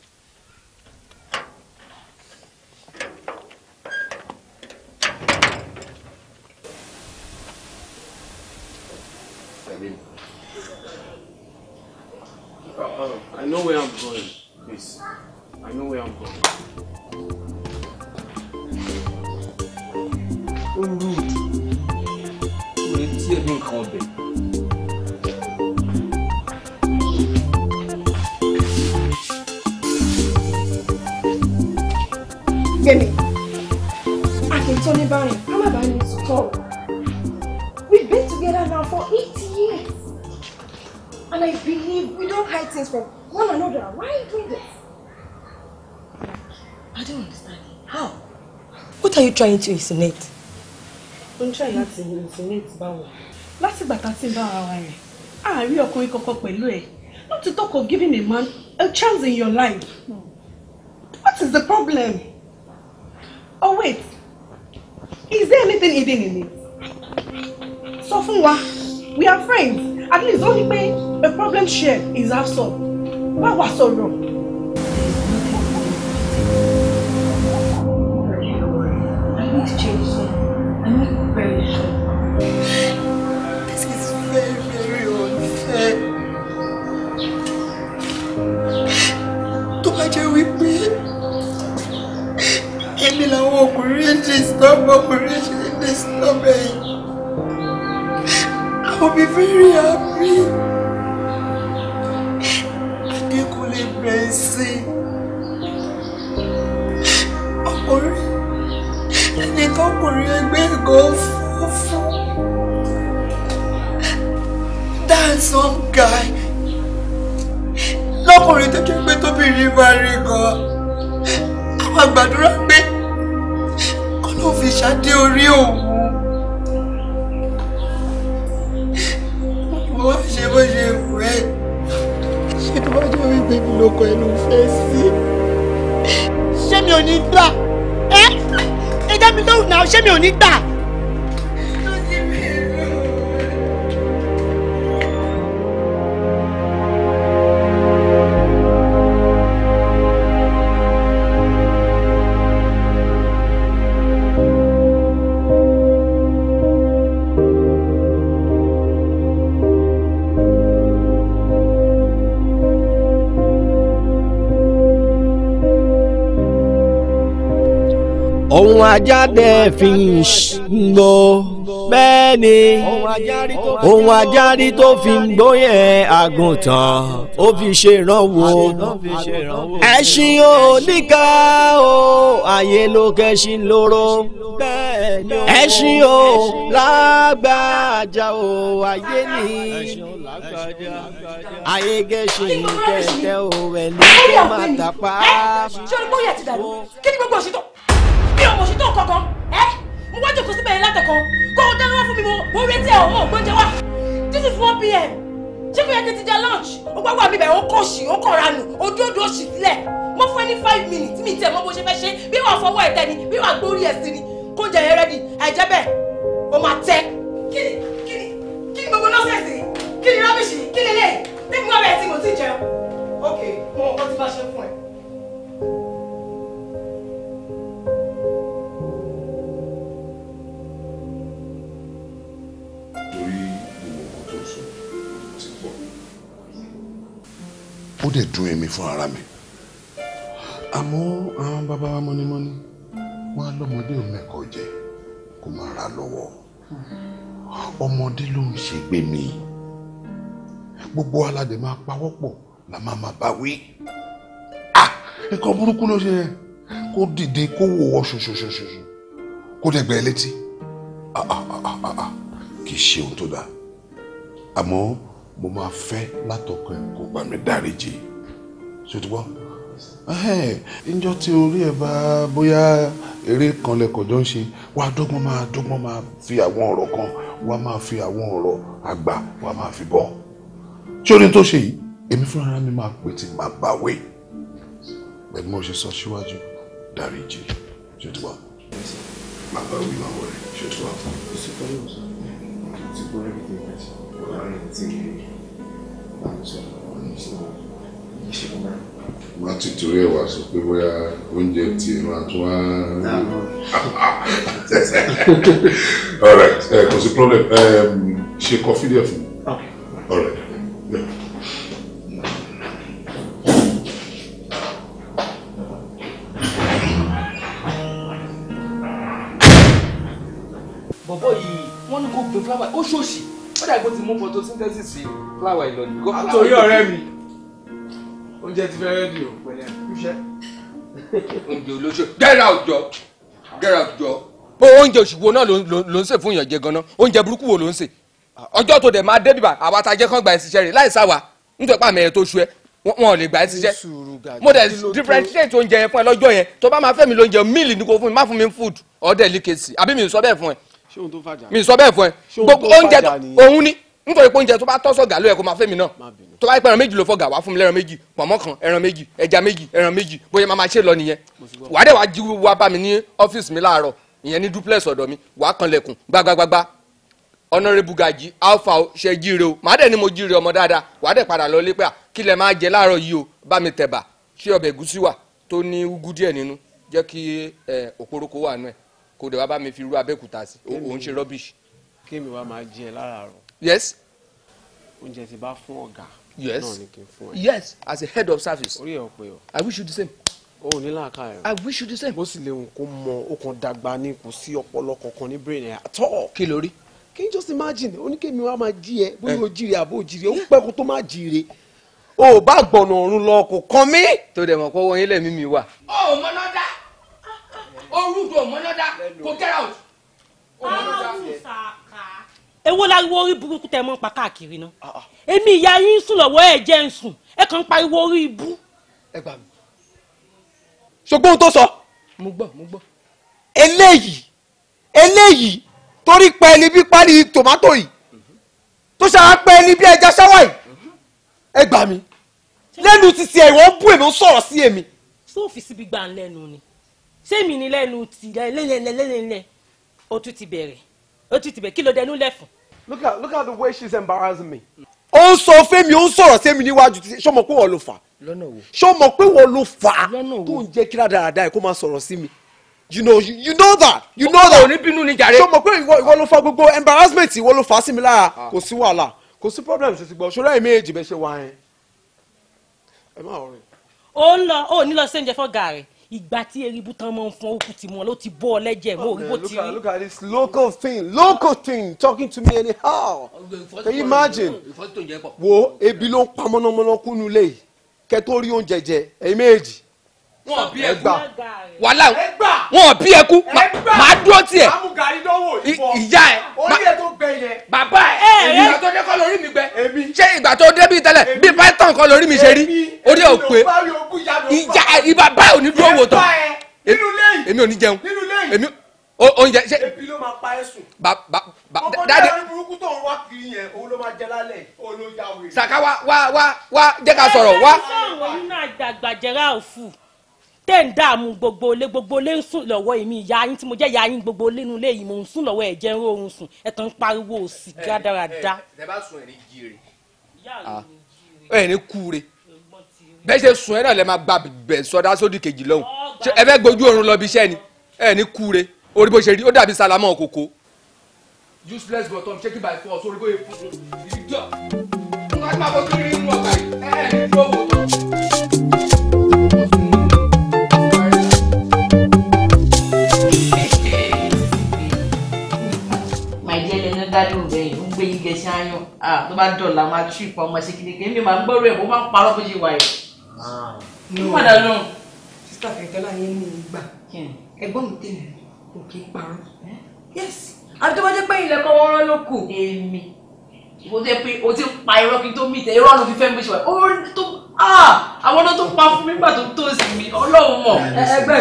Sabine. Uh, uh, I know where I'm going, please. I know where I'm going. Oh, rude. Orí tí ẹ̀mí nǹkan ọbẹ̀. Gbẹ̀mí, Akin tó ní bá rìn, ká má bàa ní sọ̀rọ̀. And I believe we don't hide things from one another. Why are you doing this? I don't understand. How? What are you trying to insinuate? I'm trying not to insinuate báwo. Láti ìgbà tá a ti ń bá ara rẹ̀, a rí ọkùnrin kankan pẹ̀lú ẹ̀. Not to talk of giving a man a chance in your life. What is the problem? Oh wait, is there anything hidden in it? So fún wa, we are friends. At least only ní A problem shared is half solved. Why was so wrong? This is very, very unfair. Tó bá jẹ́ wípé èmi làwọn ọkùnrin ṣe stop ọkùnrin ṣe dey stop ẹ̀yìn. I will be very happy. sí ọkùnrin ẹni tọkùnrin ẹgbẹ́ ẹ̀gọ́ fúnfún that some guy lọkùnrin tó jẹ́ pé tóbìnrin bá rí gan àwọn àgbàdúrà pé kọ́nà fi ṣáde orí òun wọ́n ṣe bó ṣe wù gbé mi lóko ẹnu fẹ́ sí. ṣé mi ò ní gbà ẹ ẹ dá mi lóhùn náà ṣé mi ò ní gbà. ohun ajá dẹ̀ fi ń gbó bẹ́ẹ̀ ni ohun ajá rí tó fi ń gbó yẹn àgùntàn ó fi ṣèrànwó ẹṣin ò níkà o àyè ló kẹ́ṣin lóró ẹṣin ò lágbàájà o àyè ní àyè kẹ́ṣin kẹ̀kẹ́ o ẹ̀ ní kẹ́ máa tàpá. ṣé o gbóyè ti dàrú kí ni gbogbo òṣìṣẹ́ tó mi ò mọ̀ ṣe kankan ẹ́ mo wá jòkó síbẹ̀ yẹn látẹ̀kọ́ kó o dáná wá fún mi mo retí ẹ̀ ọmọ ògbóúnjẹ wá this is one pm ṣé kò yẹ kí n ti jẹ lunch ó gbá wà bíbẹ̀ ó kọ̀ ṣì ó kọ̀ ranù ojú odò ṣì sílẹ̀ mo fún ẹ ní five minutes mi tẹ̀ mọ́ bó ṣe fẹ́ ṣe bí wàá fọwọ́ ẹ̀ tẹ́ ni bí wàá gbórí ẹ̀ sí ni kó yẹn rẹ́dì àìjẹ́ bẹ́ẹ̀ fún ara mi àmọ́ àwọn bàbá wa mọ́nímọ́ní wọn á lọ́mọdé ò mẹ́kọ̀ọ́ jẹ kó má ra lọ́wọ́ ọmọdé ló ń ṣègbè mi gbogbo aládé máa pawọ́pọ̀ la máa máa bá wí ah! nǹkan burúkú ló ṣe kó dìde kó wò wọ́ ṣoṣoṣoṣo kó dẹ̀gbẹ́ létí ah, ah, kì í ṣe ohun tó dáa àmọ́ mo máa fẹ́ látọkọ ẹ̀ kó gbà mí dáríjì ṣùtúbọ̀ ǹjọ́ tí orí ẹ̀ bá bóyá eré kan lẹ́kọ̀ọ́ jọ ń ṣe wàá dọ́gbọ́n máa dọ́gbọ́n máa fi àwọn ọ̀rọ̀ kan wàá máa fi àwọn ọ̀rọ̀ àgbà wàá máa fi bọ́ sórí tó ṣe yìí èmi fúnra mi máa pè tí màá bá wé pẹ̀lú mo ṣe sọ síwájú dáríjì ṣètùwà màá bá wí máa wọlé ṣètùwà. Thank you má ti torí ẹ wá sọ pé bóyá oúnjẹ tiẹ̀ máa tún wá. all right kò sí problem ṣe kọfí díẹ̀ fún mi. all right. Yeah. bọ̀bọ̀ yìí wọ́n ní kó pe flower ó ṣòṣì ó dàgbò ti mú photosynthesis flower ìlọ́ni. torí ọ̀rẹ́ mi oúnjẹ ti fẹ́ rẹ́dì o pẹ̀lẹ́ kúṣẹ́. oúnjẹ olóṣèlú get out jọ get out jọ. bó oúnjẹ òṣùwò náà ló ń sè fún ìyànjẹ ganan oúnjẹ burúkú wo ló ń sè ọjọ́ tó dẹ̀ máa dé bíbà àwa ta jẹ́ kán gba ẹ̀sìṣẹ́ rẹ̀ láì sáwà nítorí pàmì ẹ̀ tó ṣu ẹ wọn ò lè gba ẹ̀sìṣẹ́ mo dẹ̀ differentiate oúnjẹ yẹn fún ẹ lọ́jọ́ yẹn tó bá máa fẹ́ mi lóúnjẹ míìlì ni kò fún mi má fún mi food or delicacy àbí mi sọ bẹ́ẹ̀ fún ẹ mi sọ bẹ́ẹ̀ fún ẹ gbogbo oúnjẹ òun ni nítorí pé oúnjẹ tó bá tọ́sọ̀ gà ló yẹ kó máa fẹ́ mi náà tó bá yẹ pé ẹran méjì ló fọ gàwá fún mi lẹ́ran méjì pọ̀nmọ́ kan ẹran méjì ẹja méjì ẹran méjì bóyá máa ma ṣe lọ nìyẹn wàá dẹ̀ wá jí wá bá mi ní ọ́fíìsì mi láàárọ̀ ìyẹn ní duplex ọ̀dọ̀ mi wàá kanlẹ̀kùn gbagbagbagba ọ̀nàrẹ́bù gàjí alfa ṣe jíire o màá dẹ̀ ni mo jíire ọmọ dáadáa wàá dẹ̀ padà lọ lé pé kí lẹ máa jẹ láàárọ̀ yìí o bá mi tẹ̀bà ṣé ọbẹ̀ ẹ̀gúsí wà tó ní ugu díẹ̀ nínú jẹ́ kí òporoko wà nù ẹ̀ kó dẹ̀ wá bá mi fi rú abẹ́kúta sí òun ṣe rubbish. kí mi wá máa jẹ láràárọ̀. yes. oúnjẹ ti bá fún ọ̀gá yes yes as a head of service i wish you the same. o ò ní làákà ẹ̀ i wish you the same. bó sì lè hùn kó mọ ó kàn dàgbà ni kò sí ọpọlọ kankan ní brain ẹ̀ àtọ́. kí lórí. can you just imagine oníkèmí wa máa jí ẹ bóyá eh. o jíire àbó jíire ó pẹ́ kó tó máa jíire o ò bá gbọ̀nà ọ̀run lọ kò kàn mí. tó dẹ̀ mọ̀ pé wọ́n yín lẹ̀ mímí wà. o ò mọ́nà dá o rúdò mọ́nà dá kò get out. o mọ́nà dá ah, ah, ah, èwo láriwo orí burúkú tẹ mọ́ pa káàkiri náà ah, ah. èmi ìyá yín sùn lọ́wọ́ ẹ̀ jẹ́ ń sùn ẹ kàn ń pariwo orí ibú. ẹ gbà mí ṣùgbọ́n tó sọ. mo gbọ́ mo gbọ́. eléyìí eléyìí torí pẹ́ ni bí parí tòmátò yìí tó ṣàá pẹ́ ni bí ẹja ṣáwá yìí ẹ gbà mí lẹ́nu ti tiẹ̀ ìwọ ń bú èmi ń sọ̀rọ̀ sí èmi. sóòfì síbi gbà ń lẹ́nu ni sẹ́mi ni lẹ́nu ti lẹ́lẹ́lẹ́lẹ́lẹ́ o tún ti bẹ̀rẹ̀ ó ti tìbẹ̀ kí ló dẹnu lẹ́fun. look at look at the way she's embarrassing me. ó ń sọ fẹ́mi ó ń sọ̀rọ̀ sẹ́mi níwájú títí ṣé o mọ̀ pé wọ́n ló fà á. lọ́nà wo. ṣé o mọ̀ pé wọ́n ló fà á tó ń jẹ́ kíra dáadáa kó máa sọ̀rọ̀ sí mi. you know you, you know that you know that. òní bínú ni jàre. ṣé o pé ìwọ ló fa gbogbo embarrassment ìwọ ló fà á sí mi lára ah. kò sí wàhálà kò sí problem ṣe ti gbọ́ ṣọlá ẹ̀mí èjì bẹ́ẹ̀ ṣe wá yẹn. ẹ má ọ̀rẹ́. ó ń lọ ó ní lọ sí oúnjẹ fọ́ gàrí ìgbà tí eribu tán máa ń fọn okùn tì ló ti bọ́ ọ lẹ́jẹ̀ mọ́ orí oh, bó ti rí. look at this local thing local thing talking to me anyhow can you imagine wo ebi ló ń pa mọ́nàmọ́ná kúnú lé kẹ́ rí oúnjẹ jẹ ẹ̀yin méjì wọn bí ẹkú wàhálà wọn bí ẹkú màá dúró tiẹ ìyá ẹ bàbá ẹ ìgbà tó dé kọ́ lórí mi gbẹ ṣé ìgbà tó dé bí tẹ́lẹ̀ bí python kọ́ lórí mi ṣe rí orí ò pé ìyá ìbá báyìí ò ní dúró wò tán èmi ò ní jẹun èmi oúnjẹ ṣe. ebi ló máa pa ẹ sùn. ba ba ba dadi. ọkọ burúkú tó ń wá kiri yẹn òun ló máa jẹ lálẹ́ òun ló yà wèrè. saka wa wa wa wa jẹ́ ká sọ̀rọ̀ wa. ẹ ẹ sọ̀rọ̀ nínú àgbàjẹ́ra òfu tẹ́ ń dààmú gbogbo ilé gbogbo ilé ń sùn lọ́wọ́ èmi ìyá yín tí mo jẹ́ ìyá yín gbogbo ilé inú ilé yìí mò ń sùn lọ́wọ́ ẹ̀jẹ̀ ń rọrùn sùn ẹ̀ kàn ń pariwo òsì dáradára. ẹ bá sùn ẹ̀rí jíire ẹ̀rí ah. kúure bẹ́ẹ̀ ṣe sùn ẹ̀ náà lẹ́ máa gba bẹ̀ sọdá sódì kejì lọ́hùn ẹ fẹ́ gbójú oorun lọ bí iṣẹ́ ni ẹ̀rí kúure orí bó ṣe rí ó dàbí salama òkòkò. useless bottom shaking by force orí bó ṣe fún un dádó rẹ̀ yìí ó ń gbé yín gẹ̀ẹ́sì ayán tó bá dọ̀là máa tú ìpamọ́ ọmọ ṣe kíni kémi máa ń gbọ́rọ̀ ẹ̀ mo máa ń parọ́ bó ṣe wà yìí. ní ah. padà lọ. sísá fẹ̀tọ́lá yẹn ní ìgbà ẹgbọ́n mi tèmi kò kí n parọ́. yẹ́sì àti tó bá jẹ́ pé ilẹ̀ kan rán ló èmi o ti pa irọ́ kí n tó mìtẹ́ irọ́ ló fi fẹ́ mi ṣe wà Ah, àwọn ọdún tó pa fún mi gbà tó tó sí mi ọlọ́run mọ̀ ẹgbẹ́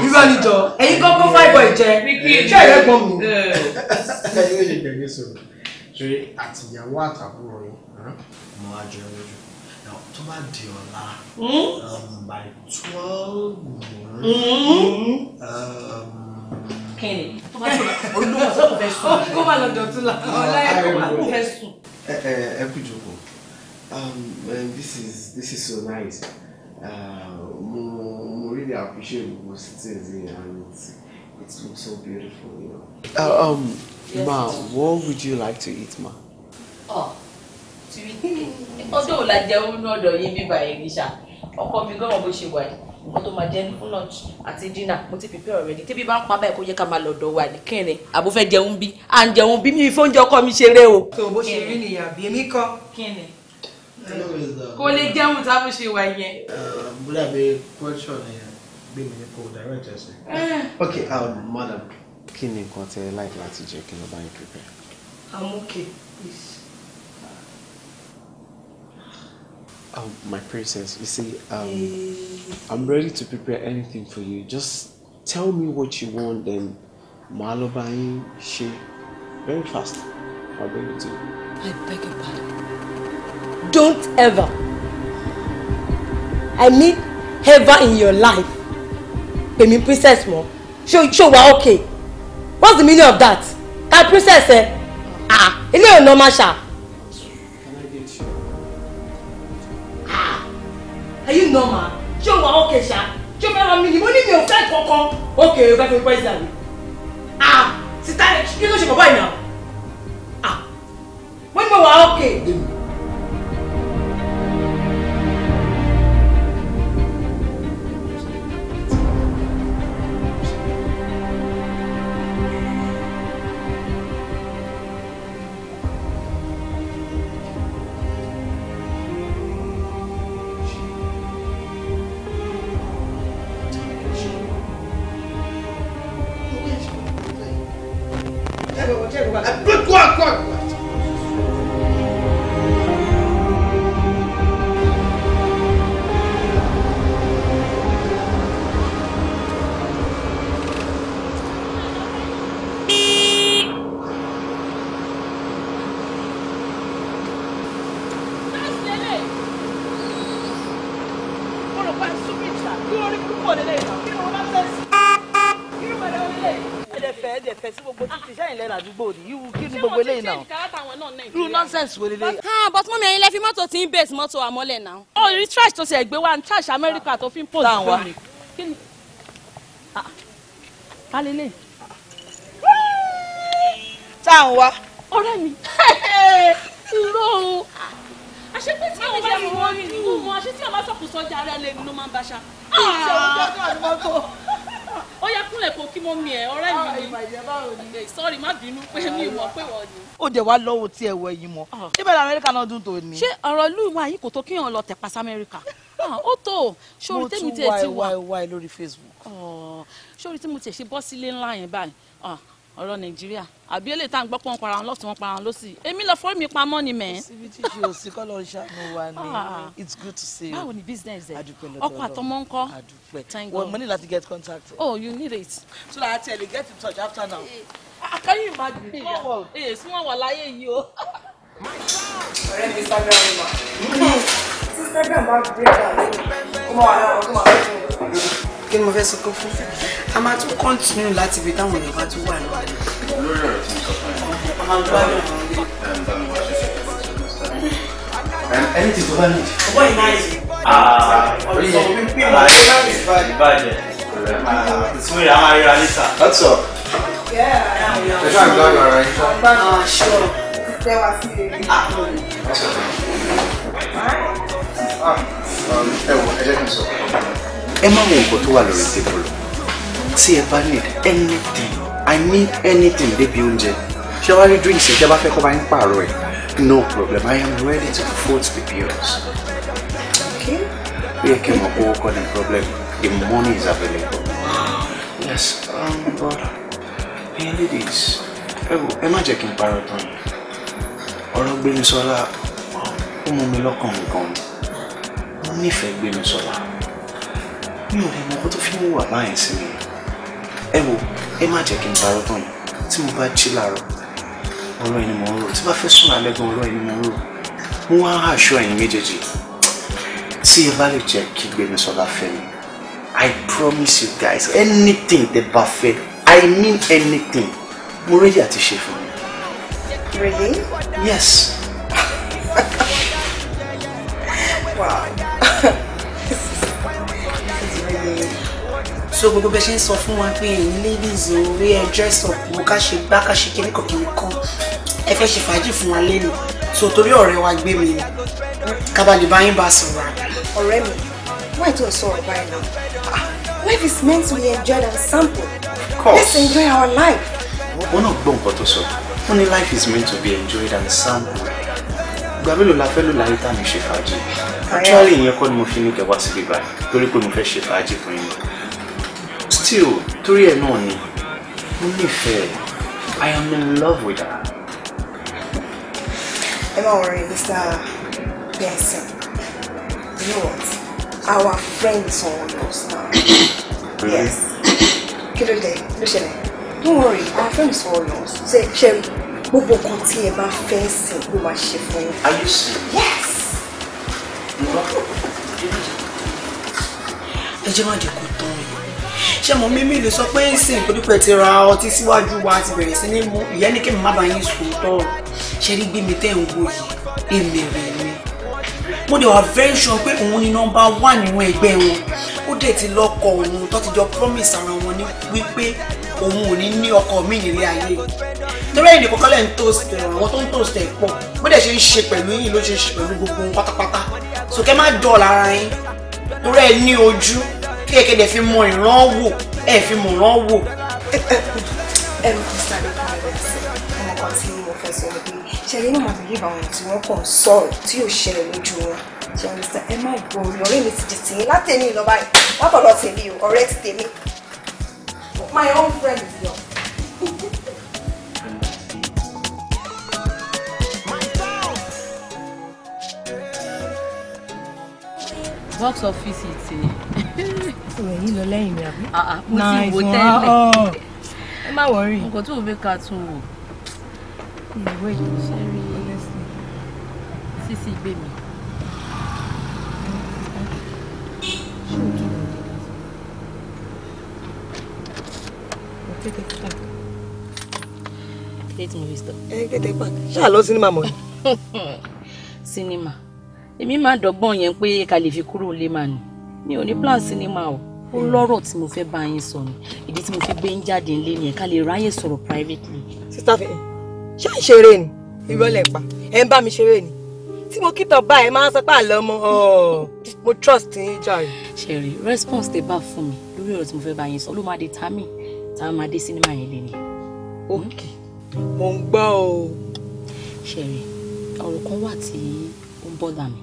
mi irọ́ ni jọ ẹ̀yin kọ́kọ́ five boy jẹ eh. ṣé ẹ̀rẹ́ gbọ́n mi. ẹ̀yin ló ṣe gbẹ̀gbẹ̀ sọ̀rọ̀ ṣe àtìyàwó àtàbúrò yìí mo á jẹ lójú tó bá di ọ̀la hmm? um, by twelve hmm? um, kẹ́ni tó bá ti olùdókòwò fẹ́ sùn kó má lọ dọ̀tún la ọ̀la ẹ̀kọ́ fẹ́ sùn. ẹ ẹ ẹ kú jókòó. Um, man, eh, this is this is so nice. Uh, we really appreciate what it is here, eh, and it, it looks so beautiful, you know. Uh, um, yes, ma, what would you like to eat, ma? Oh, to eat. Although like the old no you be by Elisha. Ọkọ mi gbọ́dọ̀ bó ṣe wà yìí, nǹkan tó jẹ lunch àti dinner, mo ti prepare already. Tébí bá ń pa báyìí kó yẹ ká máa lọ́dọ̀ wa ní kẹrin, àbó fẹ́ jẹun bí, à ń jẹun bí mi ìfọ́njẹ ọkọ mi ṣeré o. Tó bó ṣe rí nìyàbí, èmi kọ́. Kí Uh, kò lè jẹun tábù ṣe wà yẹn. bóyá um, bí question bí mi ní kò direct ẹ sí. Eh. ok um, madam kí ni nǹkan tẹ láìpẹ́ láti jẹ kí ló bá yín prepare. i'm okay please. Um, my princess, you see, um, eh. I'm ready to prepare anything for you. Just tell me what you want, then Malobain she very fast. I'll bring it to you. I beg your pardon don't ever i mean ever in your life pè mí princess mo. Show, show, wa okay what's the meaning of that ka princess eh? ah ilé ò normal sha. Ah, are you normal Show, wa okay sha. Show me ra mi money, mo ní mi ò okay o fẹ́ fi pẹ́sì àná ah sita kí ló ṣe bàbá yìí now. ah wọ́n ní mo wà okay. base wo lele. hàn but ah, mọ́mi ẹ̀yin lẹ fi mọ́tò tí ń base mọ́tò àmọ́lẹ̀ náà. ó oh, rí trash tó ṣe gbé wa ní trash Amẹ́ríkà tó fi ń pòsì fún mi. kí ni ah, ta lele. tá à ń wá. ọ̀rẹ́ mi irọ́ o ah, àṣé pé tí àwọn bá yìí wọ́n ní ìwọ̀n àṣé tí àwọn bá sọ̀kù sọ́jà rẹ̀ lè ní ló máa ń bá ṣá ó yá kúnlẹ̀ kó kí mọ́ mi ẹ̀ ọ̀rẹ́ mi ni sọ́ọ̀rì ah, má bínú pé mi ìwọ pé wọ́n ni. ó jẹ́ wá lọ́wọ́ tí ẹ wọ ẹ̀yìn mọ́ ṣé bẹ́ẹ̀ ni amẹ́ríkà náà dùn tó ni. ṣé ọ̀rọ̀ ìlú wa yìí kò tó kíyàn lọ tẹ̀pa sí amẹ́ríkà ah, ó tó sórí tèmi tẹ̀ ti wà. mo tún wá ẹ wá ẹ lórí facebook. sórí oh, tèmi tẹ̀ ṣe bọ́ sílé ńlá yẹn báyìí ah, ọ̀rọ̀ nàìjíríà àbí èlé tá à ń gbọ́ pé wọ́n para wọn lọ́sùn wọn para wọn lọ́sì èmi lọ fọ́ọ̀mì pamọ́ ni mẹ́. síbi tí ṣe òsì kọ́ lọ ń ṣàánú wa ni ah. it's good to see you. báwo ni business ẹ ọkọ àtọmọ ń kọ thank God. well money láti get contact. oh you need it. so that i tell you get in touch after now. Ah, can you imagine. ee sí wọn wà láyé yìí o. ọ̀rẹ́ mi sábẹ́ ọ̀rẹ́ mà. sísẹ́gbẹ̀ máa gbé ọ̀rẹ́ mi. kí ni mo fẹ́ sọ kó fún fẹ́ a máa tún kọ́ntínú láti ibi táwọn èèyàn bá tún wà náà. lórí ah, ọ̀rọ̀ tí ah, mo sọ fún yín. ọmọ àgbà ló ń bọ̀. ẹni tí tó bá ní. ọwọ́ ìná yìí. orí yẹn aláàyè ìbàjẹ́ ìsúnmọ́ ìyá máa ríra níta. that's all. ẹ ṣáà gbọ́ ọ̀rọ̀ ara yín. náà ṣọ́ ah, ìfẹ́ wa sí rere. Um, ẹ wọ ẹ jẹ́ kí n sọ. ẹ má wo nǹkan tó wà lórí tèbúlù tí ẹ bá need anything i need anything débi oúnjẹ ṣé wàá rí drinks ẹ jẹ́ bá fẹ́ kó bá ń pààrọ̀ ẹ̀ no problem i am ready to foot the bills. okay. ó yẹ kí n mọ̀ pé owó kọ́ problem the money is available. yes um, but hey ladies ẹ wò ẹ má jẹ́ kí n parọ́ tán ọ̀rọ̀ Gbémisọ́lá ó mú mi lọ́kàn nǹkan mo nífẹ̀ẹ́ Gbémisọ́lá mi ò lè mọ kó tó fi ń wà báyìí sí ẹ wo ẹ má jẹ́ kí n parọ́ tán yìí tí mo bá jí làárọ̀ ọ̀rọ̀ ẹni mò ń rò tí bá fẹ́ sùn lálẹ́ gan ọ̀rọ̀ ẹni mò ń rò mo wá aṣọ ẹ̀yìn méjèèjì tí ẹ bá lè jẹ́ kí Gbémisọ́lá fẹ́ mi I promise you guys anything tẹ bá fẹ́ I mean anything mo rẹ́dí àti ṣe fún mi. Really? Yes. wow. so gbogbo bẹ ṣe ń sọ fún wa pé ẹ̀yin ladies o rí ẹ dress up mo ká ṣe gbá ká ṣe kíríkọ̀ kíríkan ẹ fẹ́ ṣe fàájì fún wa lẹ́nu so torí ọ̀rẹ́ wa gbé mi ni kábàlì bá yín bá sọ̀rọ̀. ọ̀rẹ́ mi why tó sọ̀rọ̀ báyìí náà ah, life is meant to be enjoyed and sampled let's enjoy our life. wọn náà gbọ́ nǹkan tó sọ wọn ní life is meant to be enjoyed and sampled ìgbà mélòó la fẹ́ lò láyé tá mi ṣe fàájì actually ìyẹn kọ́ ni mo fi ní kẹwàá síbí báyìí torí pé mo fẹ́ ṣe fàájì fún yín still torí ẹ̀ náà ni mo nífẹ̀ẹ́ I am in love with her. ẹ má wọrin Mr. Benson you know what our friends are on us now. yes kí ló dé ló ṣẹlẹ̀ don't worry our friends are on us ṣe ṣe gbogbo nǹkan tí ẹ bá fẹ́ sìn ló máa ṣe fún yín. are you sure? yes. ẹ jẹ́ má dìkú ṣé mo mímí lè sọ pé ìsìn ìpèdúpẹ̀ ti ra ọtí síwájú wa ti bẹ̀rẹ̀ sí ní mú ìyá ní kí n má bàa yín sùn tọ́ọ̀ ṣe rí gbèmí tẹ́ ń wò yìí èmi rẹ̀ ni mo dẹ̀ wà very sure pé òun ni nọmba one nínú ẹgbẹ́ wọn ó dẹ̀ ti lọ́kọ òun tó ti jọ promise ara wọn ní wípé òun ò ní ní ọkọ mi nílé ayé torí ẹ̀yìn nìkan kọ́lẹ̀ ń toast àwọn tó ń toast ẹ̀ pọ̀ bó dẹ̀ ṣe ń ṣe pẹ̀lú yìí ló ṣe ń ṣe pẹ̀lú gbogbo pátápátá sòkè má dọ̀ọ̀lá ara yín torí ẹ ní ojú tó yẹ kẹ́dẹ̀ fi mọ ìran wò ẹ fi mọ ìran wò. ẹ ẹ mr adekunle ọmọ kan tí mo fẹ́ sọ pé ṣe ẹni máa bèrè àwọn tí wọ́n kàn sọ̀rọ̀ tí yóò ṣẹlẹ̀ lójú wọn ṣe ẹni sọ ẹ má gbòòrò ọ̀rẹ́ mi ti di tìyín látẹ̀mí ìlọba yìí wọ́n kọ̀ lọ tèmi o ọ̀rẹ́ ti tèmi my own friend is your. box office yìí ti ní ẹ̀yìn lọ lẹ́yìn mi àbí. mo ti wò ah, ah, tẹ́lẹ̀. Ah, ẹ má wọrí. nǹkan tó fẹ́ ká tún wò. ìwé yìí ṣe rí sísí gbé mi. Ṣáà lọ sinimá mọ̀ ni. Èmi máa dọ́gbọ́n yẹn pé ká kúrò lé màá ni. Mi ò ní plan sinimá o ó lọ́rọ̀ tí mo fẹ́ bá yín sọ ni ìdí tí mo fi gbé yín jáde nílé nìyẹn ká lè ráyè sọ̀rọ̀ privately. sista fẹ ṣé à ń ṣeré ni ìrọ̀lẹ́ pa ẹ ń bá mi ṣeré ni tí mo kí tọba ẹ máa ń sọ pé àlọ ọmọ mo trust yín jàre. ṣeré response tẹ bá fún mi lórí ọ̀rọ̀ tí mo fẹ́ bá yín sọ ló máa de tá mi tá a máa dé sinimá yẹn lé ni. ok mo ń gbọ́ o. ṣeré ọ̀rọ̀ kan wà tí ó ń bọ́dà mi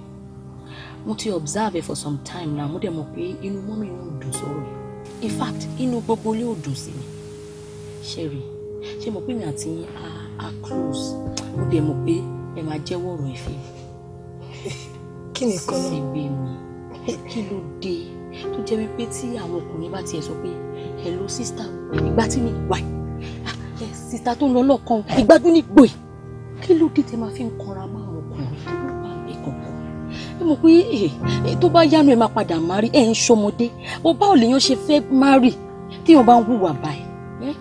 mo ti observe for some time now mo dẹ̀ mọ̀ pé inú mọ́mí ń dùn sọ̀rọ̀ in fact inú gbogbo ilé ò dùn sí mi ṣẹ́rí ṣé mo pé mi àti yín a close mo dẹ̀ mọ̀ pé ẹ máa jẹ́wọ́ ọ̀rọ̀ ìfẹ́ kí ni kọ́ náà sì gbé mi kí ló dé tó jẹ́ wípé tí àwọn ọkùnrin bá tiẹ̀ sọ pé hello sister ìgbà tí mi wà ah, sister tó ń lọ lọ́kàn ìgbádùn ní gbòì kí ló dé tẹ́ máa fi ń kanra máa ẹ mọ̀ pé eh, eh, tó bá yánu ẹ máa padà máa rí ẹ ń ṣọmọdé o báwo lèèyàn ṣe fẹ́ máa rì téèyàn bá ń hùwà báyìí eh,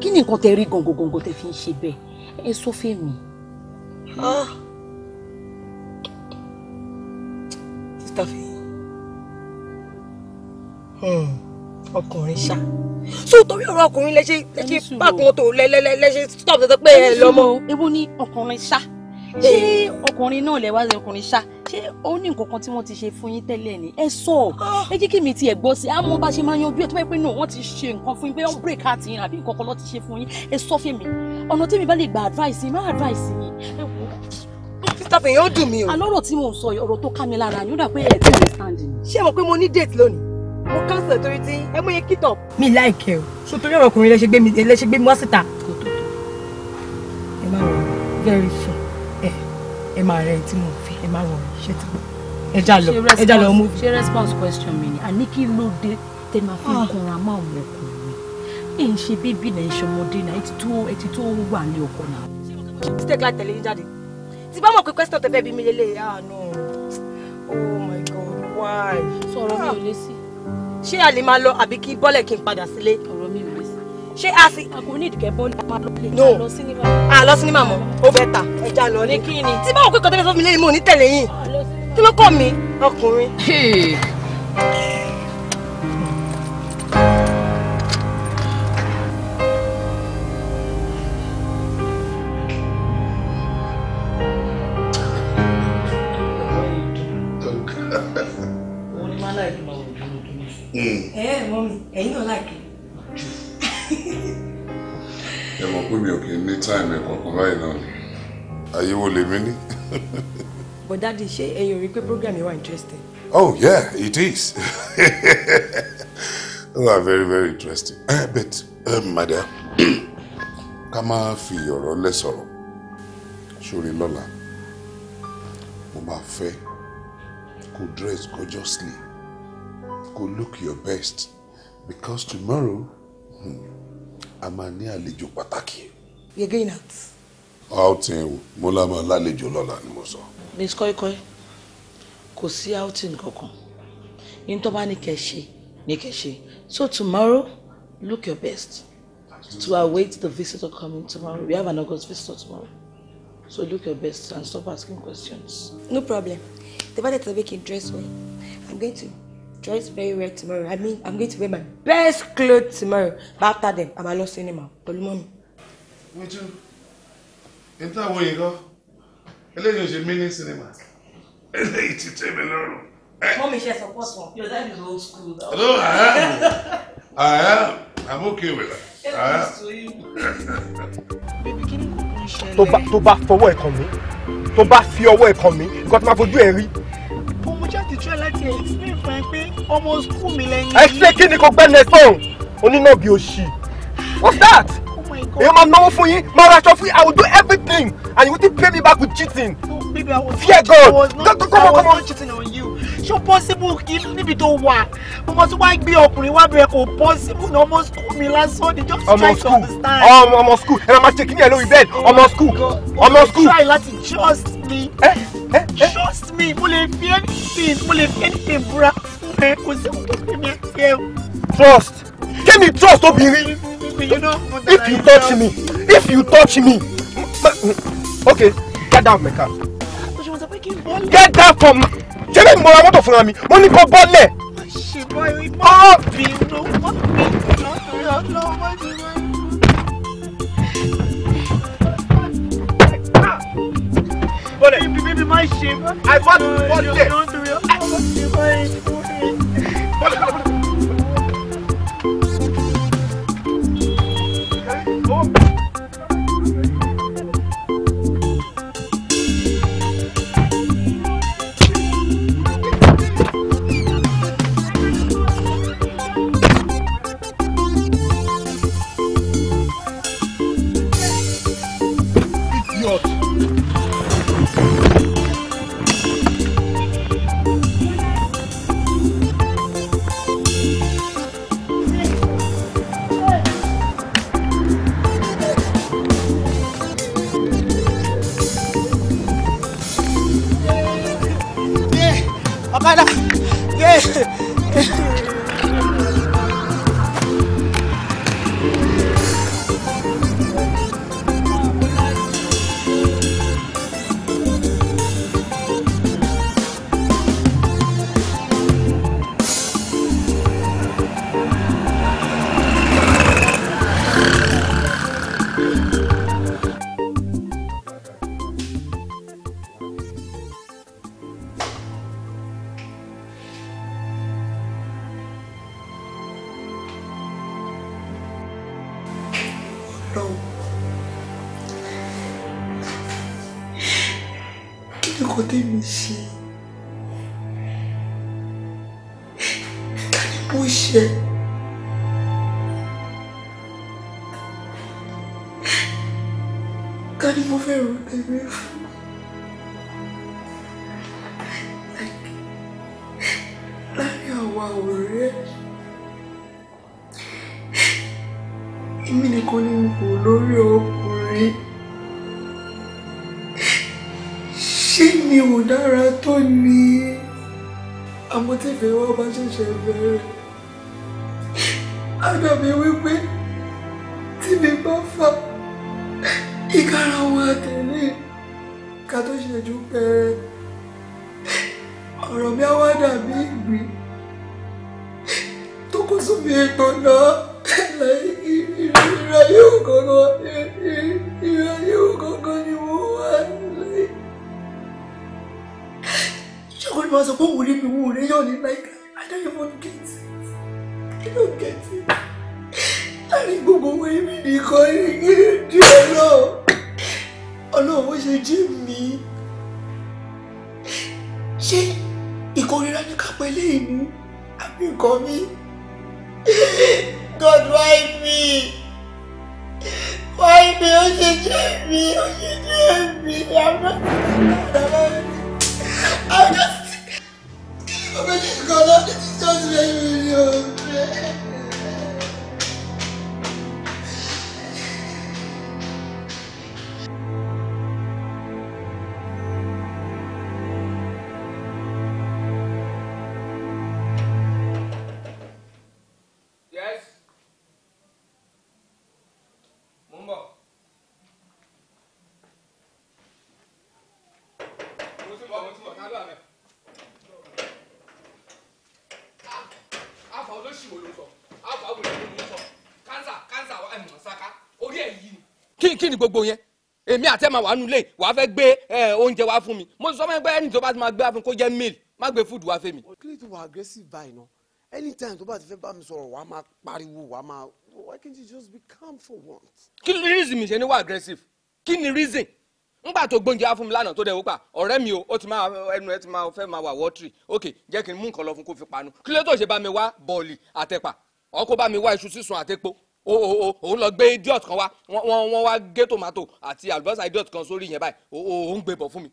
kí ni nǹkan tẹ rí gàngàngàngàn tẹ fi ń ṣe bẹ́ẹ̀ ẹ sọ fẹ́ mi. Ah. títa fi hmm, ọkùnrin ṣá so torí ọ̀rọ̀ ọkùnrin lẹ ṣe pàkó tó lẹ́lẹ́lẹ́ lẹ ṣe stop tẹ́tẹ́ pé ẹ lọ́mọ. ewu ni ọkùnrin ṣá ṣé ọkùnrin náà lẹ wá ṣe ọkùnrin ṣá ṣé ó ní nǹkan tí wọ́n ti ṣe fún yín tẹ́lẹ̀ ni ẹ sọ ah. ẹ jẹ́ kí mi tiẹ̀ gbọ́ sí àmọ́ bá ṣe máa yanjú ẹ̀ tó bẹ́ẹ̀ pé náà wọ́n ti ṣe nǹkan fún yín pé wọ́n break heart yín àbí nǹkan kan lọ́ ti ṣe fún yín ẹ sọ fún mi ọ̀nà tí mi bá lè gba advice yín má advice yín ẹ wò ó sísá fẹ̀yìn ó dùn mí o. alọ́rọ̀ tí mò ń sọ ọ̀rọ̀ tó ká mi lára ni ó dà pé ẹ̀ tí mi stand in. ṣé mo pé mo ní date lónìí mo cancel torí tí ẹ mú yẹn kí tọ̀. mi láìkẹ́ o so torí ọ̀rọ̀ ọkùnrin lẹ́sẹ̀ mi lẹ́sẹ̀ gbé mi wá síta. kò tó tó ẹ má rọ very sure ẹ máa rẹ tí mo fi ẹ máa wọ̀ ṣe ti ẹ já lọ ẹ já lọ mú. ṣé response question mi ni àní kí ló dé tẹ máa fi ah. kanra máa wọ ọkùnrin ẹ ń ṣe bébí náà ẹ ṣọmọdé náà ẹ tó ẹ tó wà ní ọkọ náà. títẹ̀ ká tẹ̀lé yín jáde tí bá mọ̀ pé question tẹ fẹ́ bí mi lélẹ̀ yá ah, àánú oh my god why. sọ̀rọ̀ mi ah. ò lé sí. ṣé a lè máa lọ àbí kí bọ́lẹ̀ kí n padà sílé ṣé a sì. a kò ní ìdìkẹ́ bọ́ọ̀lù máa lọ lè jà lọ sinimá. a lọ sinimá mọ ó bẹ ta ẹja lọ ní kí ni. tí báwo kíkọ tẹ́lẹ̀ fún mi lẹ́yìn mo ní tẹ̀lé yín kí ló kọ́ mi ọkùnrin. ẹ̀yin náà láìpẹ́. time ẹ̀ kọ̀ọ̀kan báyìí náà ni ayé wo lèmi ní. but daddy ṣé ẹ̀yin ò rí pé program yẹn wà interesting. oh yeah it is they are very very interesting uh, but um, madam ká má fi ọ̀rọ̀ lẹ̀ sọ̀rọ̀ sórí lọ́la mo máa fẹ́ kó dress gorgeously kó look your best because tomorrow hmm, a máa ní àlejò pàtàkì we are going out. outing wo mo lámọ lálejò lọ́la ni mo sọ. miss kọ́ikọ́í kò sí outing kankan yín tó bá ní kẹ́ ṣe ní kẹ́ ṣe so tomorrow look your best to await the visitor coming tomorrow we have an august visitor tomorrow so look your best and stop asking questions. no problem the father tell me make he dress well i'm going to dress very well tomorrow i mean i'm going to wear my best clothes tomorrow but after them i'm a lost cinema pẹ̀lú mọ́mi me too n tá àwọn yìí kọ́ eléyìí ò ṣe mí ní sinimá eléyìí ti tẹ́ mi lọ́rùn. mọ́mí ṣe sọ pọ́sùn your dad is old school. no i am i am i'm okay with that. tó bá tó bá fọwọ́ ẹ̀kàn mi tó bá fi ọwọ́ ẹ̀kàn mi nǹkan tó máa fojú ẹ̀ rí. mo jẹ́ ti try láti explain fún ẹ pé ọmọ school mi lẹ́yìn. ẹ ṣe kí ni kò gbẹ́ nẹ́tọ̀n onínàbí òṣì what's that èyí máa náwó for you, my raṣọ fún yín i will do everything and you will pay me back with cheating. Baby, I was Fear God. I was not, come, come, I come, on, cheating on you. Ṣé possible kí níbi tó wà? Mo mọ tí wọ́n gbé ọkùnrin wá bẹ̀rẹ̀ kò possible ní ọmọ school mi lásán ni just try to understand. I'm on school ẹ̀rọ máa ṣe kí alone in bed. I'm on oh school I'm on school. Try láti trust me. Ẹ eh, Ẹ eh, eh. Trust me, mo lè fi anything, mo lè fi anything búra fún ẹ, kò sí kò tó fi mi Trust. Kí ni me, you know. If you touch me, if you touch me, okay, get down my car. Get down from my. Ṣé bẹ́ẹ̀ ni mo ra mọ́tò fúnra mi? Mo ní kó bọ́lẹ̀. Bọ́lẹ̀. each other. kẹtì láti gbogbo owó ibi nìkan ní díẹ̀ náà ọlọ́run bó ṣe jí mi ṣé ìkórira ní kápẹ́ lẹ́yìn mú àbí nǹkan mi God why me why me ó ṣe jẹ́ mi ó ṣe jẹ́ mi àmọ́ I'm just I'm just gonna just let me know. ní gbogbo yẹn èmi àti ẹ̀ máa wà nù lé wàá fẹ́ gbé oúnjẹ wá fún mi mo sọ fún ẹ pé ẹni tó bá ti máa gbé wá fún mi kó jẹ́ meal má gbé fúdù wá fún mi. kí ló ti wà aggressive báyìí náà anytime tó bá ti fẹ́ bá mi sọ̀rọ̀ wàá máa pariwo wàá máa why can't you just be calm for once. kí ni reason mi ṣe ní wà aggressive kí ni reason ngbà tó gbóúnjẹ á fún mi lánàá tó dẹ̀ wípé ọ̀rẹ́ mi o ó ti máa ẹnu ẹ ti máa fẹ́ máa wà wọ́tìrì ok jẹ́ kí n mú nǹkan lọ fún kó fi panu kí ló tó ṣe bá mi wá bọ́ọ̀lì àtẹ̀pà ọkọ bá mi wá iṣu sísun àtẹ̀pọ̀ òun lọ gbé idiot kan wá wọ́n wọ́n wá gé tomato àti àlùbọ́sà idiot kan sórí yẹn báyìí òun gbé bọ̀ fún mi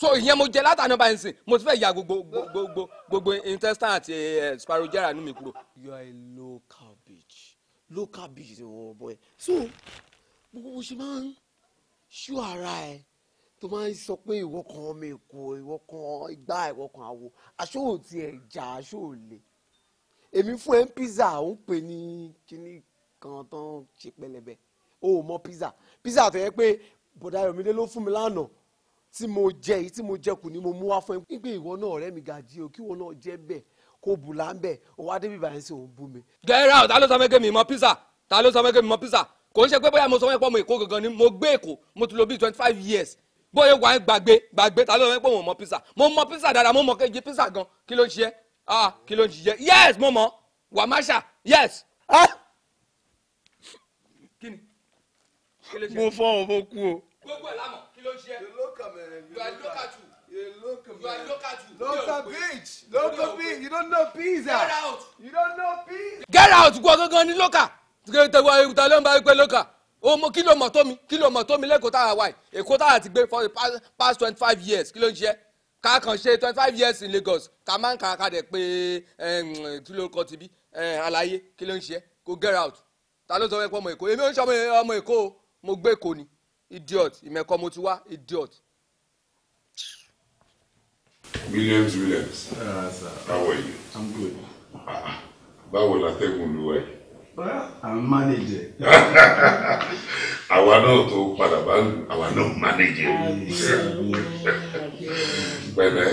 so ìyẹn mo jẹ látàánú báyìí nsìn mo ti fẹ́ ya gbogbo gbogbo gbogbo intestine àti eh, sparogera nínú mi kúrò. you are a low cabbage low cabbage ìwọ ọbọ ẹ so gbogbo ṣe máa ń ṣú ara ẹ tó máa ń sọ pé ìwọ kan ọmọ èkó ìwọ kan igbá ìwọ kan àwo aṣọ ò tiẹ̀ jà aṣọ ò èmi fún ẹ ń pizza ò ń pè ní kíní kan tó ń ṣe pẹlẹbẹ o ò mọ pizza pizza tó yẹ pé bọ̀dá Yọ̀mídé ló fún mi lánàá tí mo jẹ èyí tí mo jẹ kù ni mo mú wá fún ẹ nígbà ìwọ náà ọ̀rẹ́ mi gàjí o kí ìwọ náà jẹ bẹ́ẹ̀ kó bù láńbẹ o wá débi báyìí sí òun bú mi. gẹ́rà ta ló sọ fẹ́ kí mi mọ pizza ta ló sọ fẹ́ kí mi mọ pizza kò ń ṣe pé bóyá mo sọ fẹ́ pọ́ mo èkó gangan ni mo gbé èkó mo ti lò bíi twenty five years bóyá wà á gbàgbé gbàgbé ta ló sọ fẹ́ pé mo mọ pizza mo mọ pizza dáadáa mo mọ kéje pizza gan kí ló ń ṣe ah kí ló ń ṣe yes mo mọ wàmáṣà yes. ah mo fọ́ ọ mo kú o. gbogbo ẹ̀ lámọ̀ kí ló ń ṣe. you are local too. You are local too. Local bitch. Local bitch. You don't know pizza. Get out. You don't know pizza. Get out. Gbọ́ gangan ní local. Tẹ̀wá ìrùtà ló ń bá wípé local. Omo kí ló mọ̀ tó mi? Kí ló mọ̀ tó mi lẹ́kọ̀ọ́ táwa wáyé? Èkó táwa ti gbé for the past twenty five years. Kí ló ń ṣe? Ká kàn ṣe twenty five years in Lagos. Ká máa ń kà ká dẹ̀ pé kí ló kọ tibí. Àlàyé kí ló ń ṣe? Kò get out. Ta ló sọ fẹ́ pọ̀ ọmọ Èkó? Èmi ò ń ṣe ọmọ Èkó o mo gbé èkó ni idiot ìmẹ̀kọ mo ti wá idiot. Williams Williams uh, sir. how are you. I'm good. Ah, báwo la tẹ́gùn lu ẹ̀. I'm manager. àwa náà tó padà bá ń àwa náà manager. pẹ̀lẹ́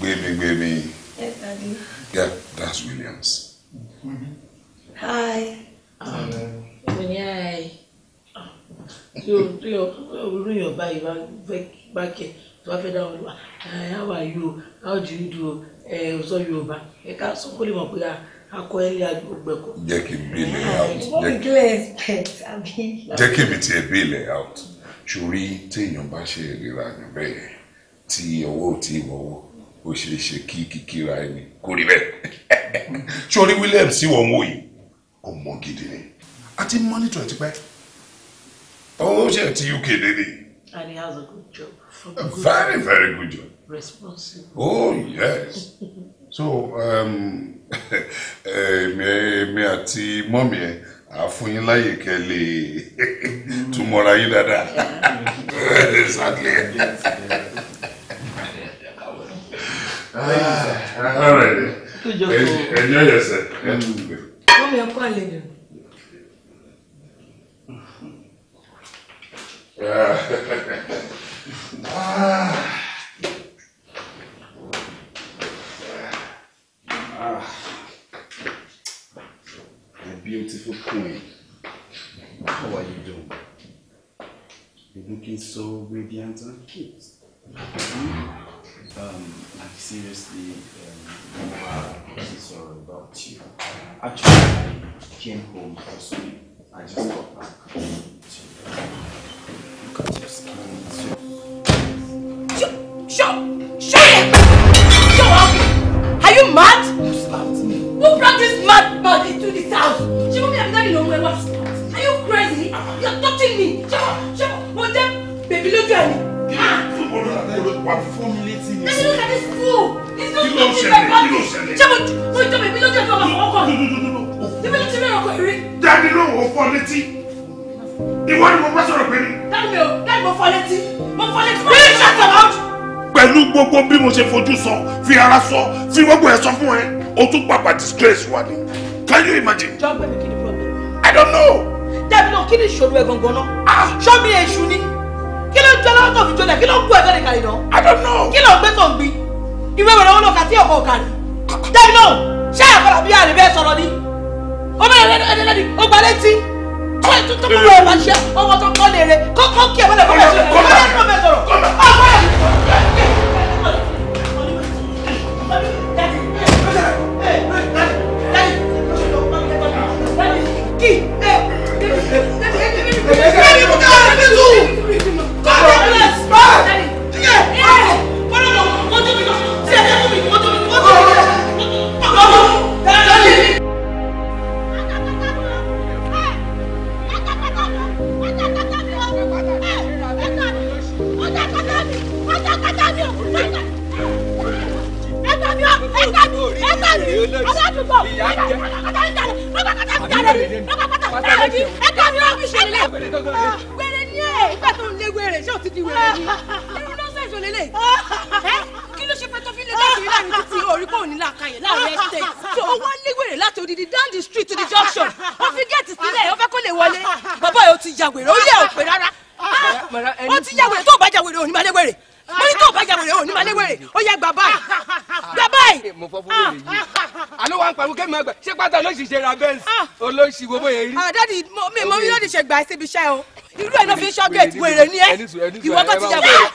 gbẹmí gbẹmí. Yes, Yeah, that's Williams. Mm -hmm. Hi. Um, hi tí o tí o olú yàn báyìí bá fẹ́ bá kẹ̀ tó bá fẹ́ dáhùn lọ́wọ́ how are you how do you do ẹ o sọ yorùbá ẹ ká sọ kó lè mọ̀ pé akọ ẹlẹ́ àgbẹ̀ kọ. jẹ́ kí n bílẹ̀ out jẹ́ kí n tiẹ̀ bílẹ̀ out sórí téèyàn bá ṣe ìríra yàn bẹ́ẹ̀ tí ọwọ́ ò tí ì wọ́wọ́ ó ṣe é ṣe kí kíkíra ẹni kó rí bẹ́ẹ̀ sórí Williams sí wọn wò yìí ọmọ gidi ni àti mọ́nítọ̀ ẹ̀ ti pẹ́ Oh, she at UK, lady. And he has a good job. A good very, very good job. Responsible. Oh, yes. so, um, eh, me àti mọ́mí ẹ̀ á fún like láyè tomorrow. You tún mọ́ra Exactly. dáadáa. Ah, all right. Enjoy yourself. Mọ́mí ẹ̀ kọ́ àlejò. ah. Ah. My ah. beautiful queen. How are you doing? You're looking so radiant and cute. Hmm? Um, I'm seriously um, sorry about you. Actually, I came home for something. I just got back. Look at your skin. Show! Show! Are you mad? You slapped me. Who brought this mad body into this house? She won't be having any long Are you crazy? You're touching me. Show up! Show up! Baby, look at me. Wà fún mi létí ni. Let's look at this fool. He's not touching body. Kí ló ṣẹlẹ̀? Ṣé mo jọ bèbí lójú ẹ̀dùn ọmọ Ibi tí mi ò kò rí. Dádì ló wò fọ́ létí. Ìwọ ni mo bá sọ̀rọ̀ pé ní. Dádì mi ò dádì mo fọ́ létí. Mo fọ́ létí. Bí shut up. Pẹ̀lú gbogbo bí mo ṣe fojú sọ, fi ara sọ, fi gbogbo ẹ̀ sọ fún ẹ, o tún pàpà disgrace wa ni. Can you imagine? Jọ́ pé mi kí ni problem? I don't know. Dádì náà kí ni ìṣòro ẹ̀ gangan náà? Ah! Ṣọ́ mi èṣù ni? Kí ló ń jọ lọ́wọ́ tó fi jọlẹ̀? Kí ló ń gbọ́ ẹ̀gbẹ́ nìkan ìdán? I don't know. Kí ló ń gbé tó ń gbin? Ìwé ìrọ̀lọ́wọ́ lọ́ka tí ọkọ̀ ọ̀kadì. Dádì náà ṣé àkọlà bí àrè bẹ́ẹ̀ sọ̀rọ̀ ni? ọmọ yẹn lẹ́nu lẹ́nu ó gba létí tó ètò tó kúrò ẹ̀rọ àṣẹ ọmọ tó kọ́ lére kọ́kọ́ kí ẹ̀ mọ́lẹ̀ kọ́mẹ̀ sọ̀rọ̀ kọ́mẹ̀ sọ̀rọ̀ síbi iṣẹ́ o irú ẹ̀ ló fi ń ṣọ́gẹ̀tì wèrè ní ẹ ìwọ tó ti jẹ wèrè.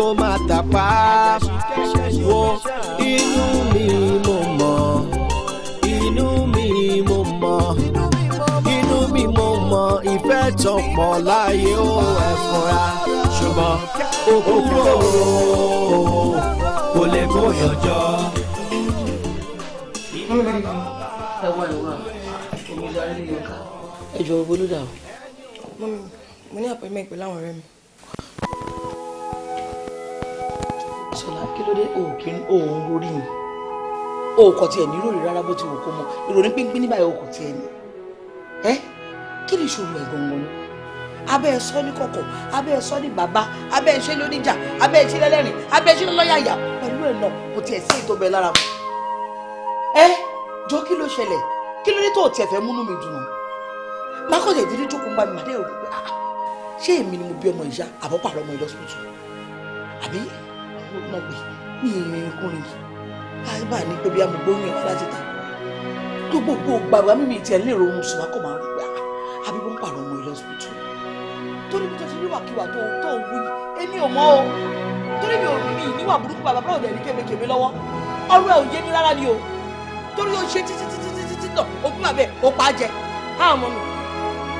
kó má tàpá wo inú mi mo mọ̀ inú mi mo mọ̀ inú mi mo mọ̀ ìfẹ́ tọ̀pọ̀ láyé ó ẹ̀ fúnra ṣùgbọ́n ó kúrò kò lè kó yànjọ. ẹ wá ìwà o. mo ní appointment pẹ̀lú àwọn ọ̀rẹ́ mi. kí ló dé òòkì òun lórí mi òòkọ̀ tiẹ̀ níròrí rárá bó ti wù kó mọ ìròyìn pínpín nígbà òòkọ̀ tiẹ̀ ni ẹ kí ni ìṣòro ẹ̀ gangan ni abẹ́ ẹ sọ ní kọ̀kọ̀ abẹ́ ẹ sọ ní bàbá abẹ́ ẹ ṣe lóníjà abẹ́ ẹ ṣe lẹ́lẹ́rìn abẹ́ ẹ ṣe lọ́yàyà pẹ̀lú ẹ̀ náà kò tiẹ̀ sí ètò bẹ́ẹ̀ lára mi ẹ jọ kí ló ṣẹlẹ̀ kí ló dé tó tiẹ̀ fẹ́ múnú mi dùn mákọ̀dé ìdílé jókòó ń bá mi màdé rò ah, ah, ṣé èmi ni mo bí ọmọ ìyá àbọ̀pàrọ̀ ọmọ ìlọsibítù àbí mọ̀ pé mi ìrìn ìkùnrin àìbá ní pé bí amúgbóyún ẹ̀ wá láti ta tó gbogbo gbàgbà mímì tiẹ̀ lérò ohun sùn wákọ̀ máa ah, ń gbà àbí wọ́n pààrọ̀ ọmọ ilé hospital torí bí tó ti níwàkiwà tó tó wù yìí èmi ò mọ̀ o torí mi ò rí mi níwà burúkú bàbá báwo dẹ̀ ní kébékèbé lọ́wọ́ ọ̀rọ̀ ẹ̀ ò yé mi rárá ni o torí o ṣe títí títí títí títí tọ̀ ogún àbẹ̀ ò pa jẹ báwọn ọmọ mi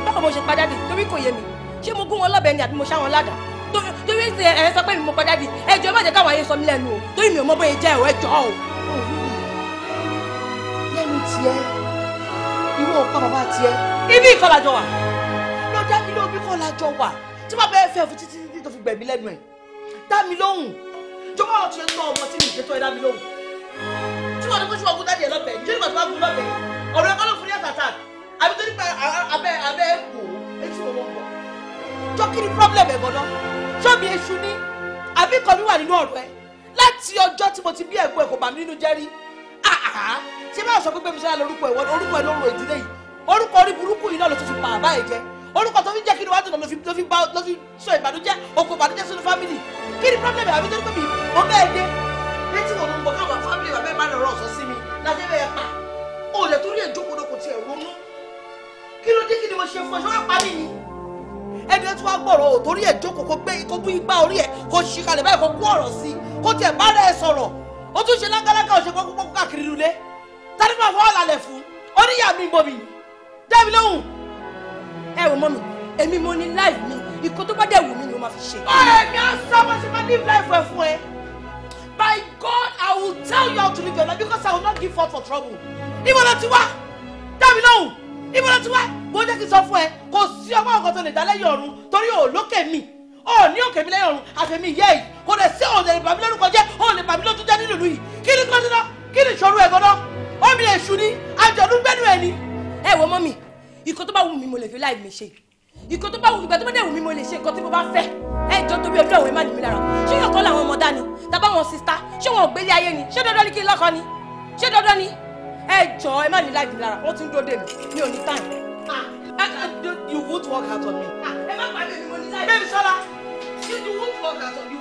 báwọn mo ṣe pa jáde torí kò yé mi ṣé mo gún wọn lọ́bẹ ni àbí mo ṣá wọn ládàá torí ṣe ẹ sọ pé mi mọ padà di ẹjọ́ má jẹ́ káwọn ayé sọ mí lẹ́nu o torí mi ò mọ bóyá jẹ́ ẹ̀ ẹjọ́ o. lẹ́nu tiẹ̀ irú ọ̀pá bàbá tiẹ̀. ibi ìkọlàjọ wà lọ́jà ilé omi kọlàjọ wà tí wọ́n bẹ́ẹ̀ fẹ́ fún títí títí tó fi gbẹ̀mí lẹ́nu ẹ̀ dá mi lóhùn jọ̀wọ́ ọ̀tún ẹ̀ tọ́ ọmọ tí mi ìfẹ́ tọ́ ẹ dá mi lóhùn tí wọ́n ní kó ṣùgbọ́n gúdádì ẹ̀ lọ́bẹ̀ẹ́ nítorí pàtó wá gún lọ́bẹ̀ẹ́ ọ̀rọ̀ ẹ̀kọ́ ló fún ní ẹ̀sà tán àbí torí pé abẹ́ abẹ́ kò etí wọn wọ́n gbọ́ jọ kí ni problem ẹ̀ gbọ́dọ̀ ṣọ́ọ̀bì èṣù ni àbí kan mi wà nínú ọ̀rọ̀ ẹ láti ọjọ́ tí mo ti bí ẹ̀gbọ́n ẹ̀ kò bà mí nínú jẹ́rí ṣé báwo sọ pé gbẹmísọ́ àlọ́ orúkọ ẹ̀ orúkọ ẹ̀ lọ́rùn ìdílé yìí orúkọ orí burúkú yìí náà ló tún fi pa àbá ẹ̀ jẹ́ orúkọ tó fi jẹ́ kí ni wàá dùn ló fi bá ló fi sọ ìbànújẹ́ òkú ìbànújẹ́ sínú fámìlì kí ni problem àbí tó ń pè mí mo bẹ́ẹ̀ dé létí wọn mo káwọn fámìlì bàbá ẹ̀ má lọ́rọ̀ sọ sí mi lájẹ́ bẹ́ẹ̀ pa ó lè torí ẹ̀ jókòó lóko tiẹ̀ ronú kí ló dé kí ni mo ṣe fún ẹ ṣọ́ wá pa mí ni ẹni tó wá gbọ̀rọ̀ ò torí ẹ̀ jókòó kó gbé kó bú igbá orí ẹ̀ kó ṣì kalẹ̀ báyìí kó kú ọ̀rọ̀ sí i kó tiẹ̀ bá rẹ̀ sọ̀rọ̀ ó tún ṣe lágálágá ọ̀ṣẹ́ kó kókó káàkiri lulẹ̀ tani máa fọwọ́ lálẹ́ fún oníyà mi mọ̀ mi dẹ́mi lóhùn. ẹ wò mọ́ mi èmi mo ní láì mi ìkó tó bá dẹ̀ wù mí ni mo máa fi ṣe. ọ̀rẹ́ mi á sọ bó ṣe máa live life ẹ̀ fún ẹ. By God, I will tell you how to live your life because I will not give up for trouble. ìmọ̀lá ti wá dẹ́mi lóhùn ibi ló ti wá bó jẹ́ kí n sọ fún ẹ kò sí ọgbọ́n nǹkan tó lè dá lẹ́yìn ọ̀run torí ò mi ò ní òkè mi lẹ́yìn ọ̀run àfẹ̀mí ìyá yìí kò lè sí òun lè bàbí lórúkọ jẹ́ òun lè bàbí lótú jẹ́ nílùú yìí kí ni kọ́ńtínà kí ni ìṣòro ẹ̀ gbọ́dọ̀ omi lè ṣu ni àjọ̀dún gbẹ́nu ẹ̀ ni. ẹ wo mọ́mì ikọ̀ tó bá wù mí mo lè fi láì mi ṣe ikọ̀ tó bá wù ìgbà tó bá dẹ̀ wù mí mo lè ṣe nǹkan tí mo bá fẹ́ ẹ jọ torí ọdún àwọn ìmọ̀ nìmi lára ṣé yọ̀kọ́ làwọn ọmọ dání tàbá wọn sista ṣé wọn ò gbélé ayé ni ṣé dandan ni kí n lọ́kọ ni ṣé dandan ni ẹ jọ ẹ má ní láì lára wọn tún dúró dè mí mi ò ní tán. Ah. Ah, ah, you won't work out on me. ẹ má pàdé mi mo ní láì. bẹ́ẹ̀ sọ́la you won't work out on you.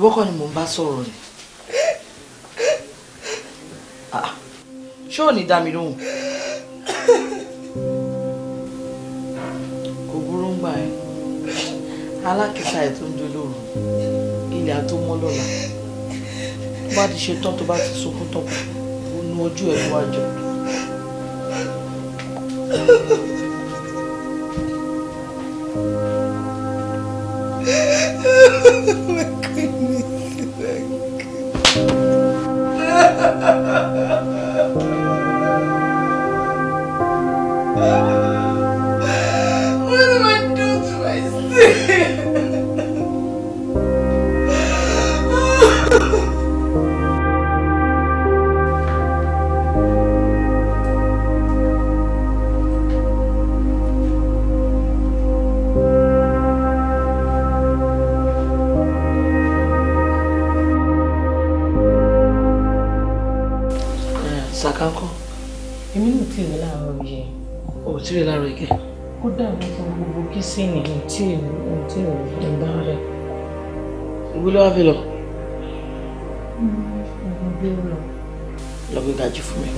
ìwọ kọ́ ni mò ń bá sọ̀rọ̀ ni ṣé ò ní dá mi lóhùn. alákìsà ẹ̀ tó ń jó lóru ilẹ̀ àtó mọ́ lọ́la tó bá ti ṣe tán tó bá ti sunkún tán kó nu ojú ẹ̀ ló wá jọ. Oh my goodness. gbogbo kìsìnì tí èrò tí èrò tó bá rẹ̀. ìwé ló wá fi lọ. ọgbọ́n gbé lọ. lọ gbé gàjí fún mi.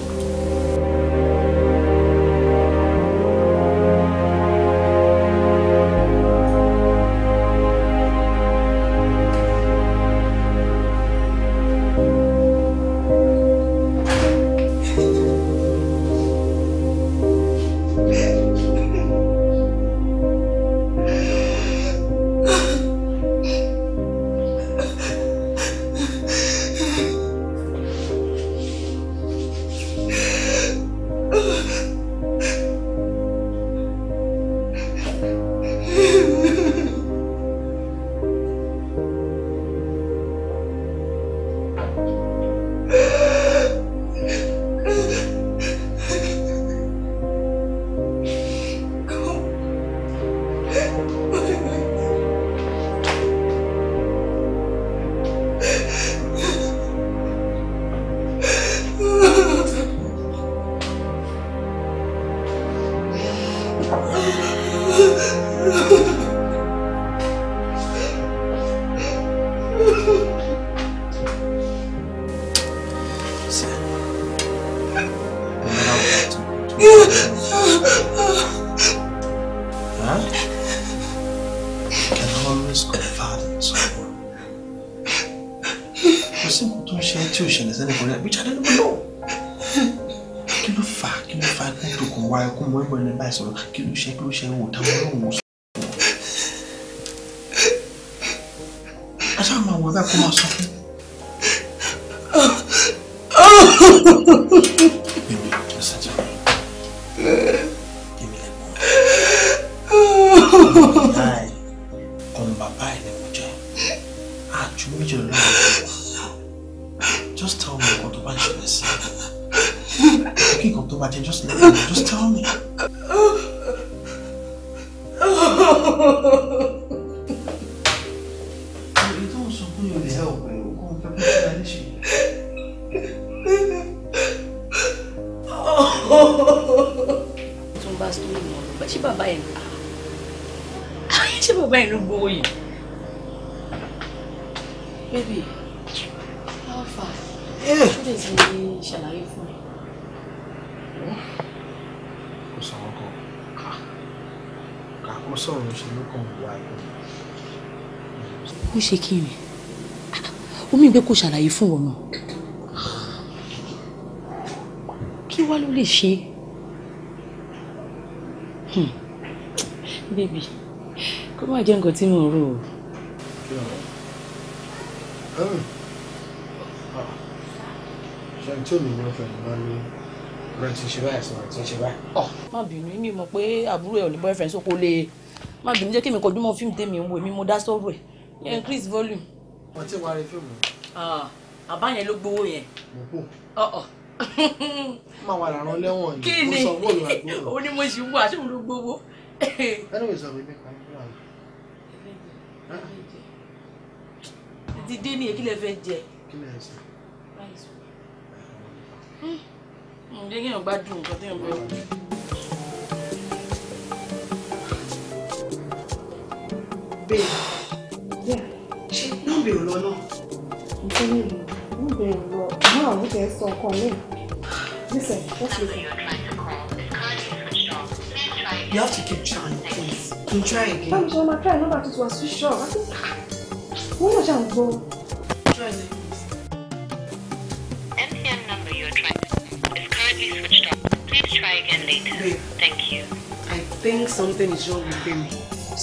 ọmọ bàbá ẹ̀ ni mo jẹ́ àjù méjì lọ́wọ́ just tell me nǹkan tó bá ń ṣẹlẹ̀ sí i kí nǹkan tó bá jẹ́ just let me know just tell me. ṣe kí ni omi ìgbé kò ṣàlàyé fún wọn náà kí wá ló lè ṣe hmm. bébì kó má jẹ́ nǹkan tí mo rò ó. má bínú mi mọ̀ pé àbúrò ẹ̀ ò ní boyfriend so kò lè má bínú jẹ́ kí èmi kọjú mọ́ fíìmù tèmi ń wo èmi mo dá sọ́rọ̀ ẹ̀ increase volume. wọ́n ti wá rí fíìmù. Ah, bàbá yẹn ló gbowó yẹn. mo kò. Uh-uh. má wà lára lẹ́wọ̀n yìí. kí ni o ní mo sì wú àṣẹ òun ló gbowó. ẹni wo sọ bíbí kan fún wa yìí. dídé ni èkìlẹ̀ fẹ́ jẹ. kílẹ̀ ẹ̀ sọ. ǹjẹ́ hmm, kí èèyàn gbádùn nǹkan tó yàn bẹ́ẹ̀. big bèrè lọ náà. ǹjẹ́ mi ò ń bèrè lọ àmọ́ àwọn oúnjẹ sọ nǹkan mi listen just listen. you have to keep trying please you try again. báwo ṣe wọn máa try number tuntun wa switch off àti wọn náà gbọ́. number to call is off. Please try again later. Babe, I think something is wrong with me.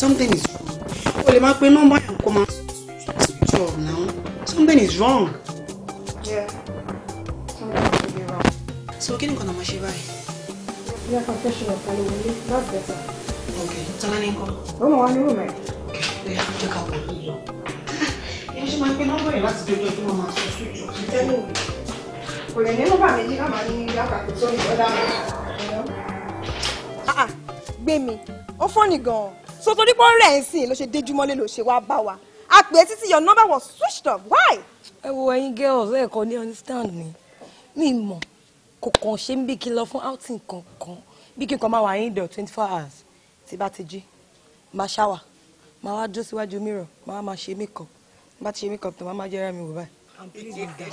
Something is wrong. O lè máa pe nọ́mbà yẹn kó máa sọ up now. Something is wrong. Yeah. Something could be wrong. So kí ni nǹkan náà máa ṣe báyìí? Yeah, confession of Halloween. That's better. Okay. Tọ́lá ní No, no, I'm wá Okay. Ó yá jẹ́ ká wọ̀ ní lọ. Ẹ ṣe máa ń pe nọ́mbà yìí láti dojú ọdún wọn máa sọ sí ìjọ. Tẹ́lẹ̀ mi. Kò lè ní nọ́mbà méjì náà máa ní lápapọ̀ sórí ọ̀dà mi. Ah, ah, gbé mi, ó fọ́nì gan-an. Sotori bọ́ rẹ̀ ń sìn ló ṣe déjúmọ́lé ló ṣe wá a pè títí your number was switched off why. ẹ wo ẹ̀yin girls ẹ kò ní understand mi mi mọ̀ kò kàn ṣe ń bí kí lọ fún outing kankan bí kí n kàn máa wà indoor twenty four hours tí bá ti jí máa ṣáwà máa wá dúró síwájú mirror máa máa ṣe makeup bá ti ṣe makeup tán máa máa jẹ́ra mi wò báyìí. I'm pleased with that.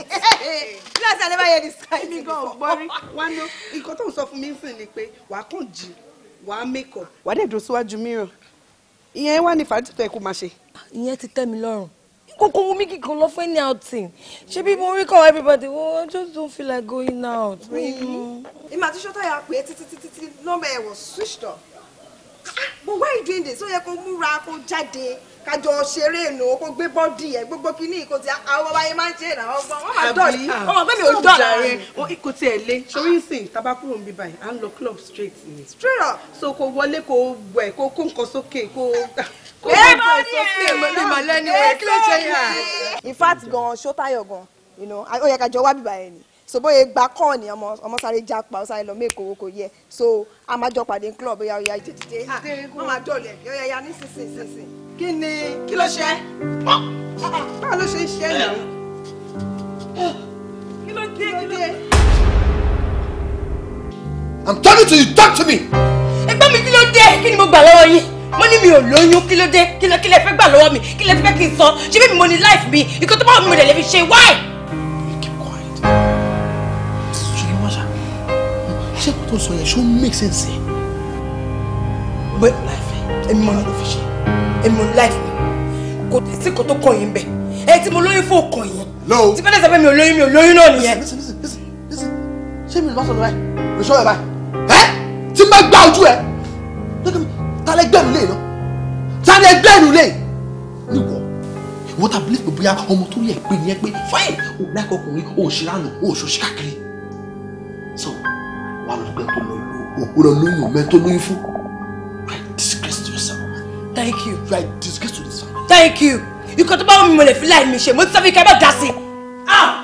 Láti àlẹ́ bá yẹ describe mi gan ọ̀gbọ́rí. Wá ná nǹkan tó ń sọ fún mi sìn ni pé wàá kàn jí wàá makeup wàá dẹ̀ dúró síwájú mirror. Ìyẹn wá ní fàájì tó yẹ kó máa ṣe ìyẹn ti tẹ́ mi lọ́rùn kókó omi kíkan lọ fún any outing ṣé bí mo rí call everybody oh i just don't feel like going out. ìmọ̀ àti ṣọ́tà yà pé títí títí tí nọ́mbà ẹ̀ wọ̀ switched off ah, but why are you doing this ó yẹ kó múra kó jáde kájọ ṣeré ìnù kó gbé bọ́dì ẹ̀ gbogbo kíní kò tí àwọn ọba yẹn máa ń ṣe é náà ọgbọ́n wọn máa dọ̀lì ah, ọmọ bẹ́ẹ̀ mi ò dọ̀là rẹ̀ wọn kò tiẹ̀ lé ṣorí sìn tabakuro ń bí báyìí à ń lọ club straight ni. straight up. so kò wọlé kò wẹ̀ kò kó nǹkan sókè kò ẹ bá ní ẹ mi mà lẹ́nu ẹ kí ló ṣe yà. in fact gan ṣótayọ gan you know ó yẹ ká jọ wá bíbá ẹ ni so bóyá gba kọ́ ni ọmọ ọmọ sáré já pa ọ sáré lọ mí èkó kò yẹ so a máa at the club bóyá ó yá jẹ jíjẹ ah wọ́n ah, máa jọ lẹ̀ yọ yẹya ní sísìnsìnsìn. kí ni kí ló ṣe báwo ló ṣe ń ṣe ẹ̀ kí ló dé kí ló dé. I'm talking to you talk to me. ẹgbẹ́ mi kí ló dé kí ni mo gbà lọ́wọ́ yín mo ní mi ò lóyún kí ló dé kí ló kí lè fẹ́ gbà lọ́wọ́ mi kí lè fẹ́ kí n sọ ṣé bí mo ní life mi ikú tó bá wọn mi rẹ̀ lè fi ṣe why. keep quiet ṣùgbọ́n mọ́ṣá ṣé kò tó sọ yẹn ṣó make sense ẹ̀ bẹ́ẹ̀ life èmi mọ́ ni mo fi ṣe èmi mọ́ ni life mi kò tẹ̀ sí kò tó kàn yín bẹ́ẹ̀ ẹ tí mo lóyún fún ọkàn yín tí fẹ́lẹ́ sọ pé mi ò lóyún mi ò lóyún náà nìyẹn. ṣé mi ò bá sọ̀rọ̀ báyìí ò sọ̀rọ̀ báyìí ẹ́ tí mo gbá ojú ẹ̀ tálẹ́ gbẹ̀rù lè e lọ tálẹ́ gbẹ̀rù lè níwọ̀ ìwọ́n ta bílẹ̀ e? pé bóyá ọmọ tó yẹ pé yẹn pé fine ò láìka ọkùnrin ò ṣìlànà ò ṣòṣì káàkiri so wà ló gbẹ tó lọ ìlú òkúrọ lóyún mẹ tó lóyún fún you are yourself thank you you are disgrace to this thank you You can't bá me mi mo lè fi láì mi ṣe mo ti sọ fún ike bá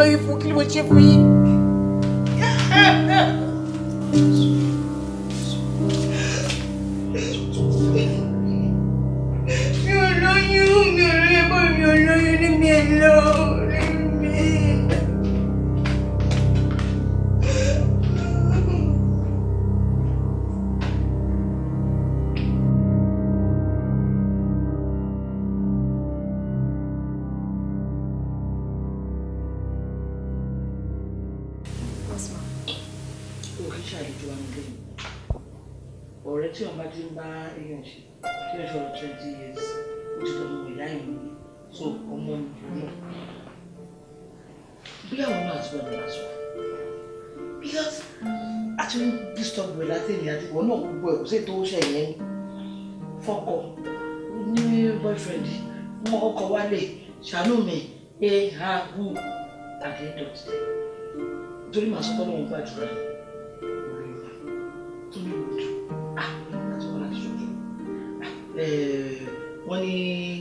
lóyún fún kí ló ṣe fún yín. aláìlú so ọmọ mi bí àwọn náà ti wà ní àṣọ because àti ń disturb rẹ láti ènìyàn àti ìwọ náà gbogbo ẹ kò sí ètò oṣù ẹ̀yẹn fọkọ ní boyfriend wọn ọkọ wálé ṣàánú mi ẹ ha hu àti ẹ dọ̀tí torí màá sọ fọlọ́wọ́n gbàdúrà yìí.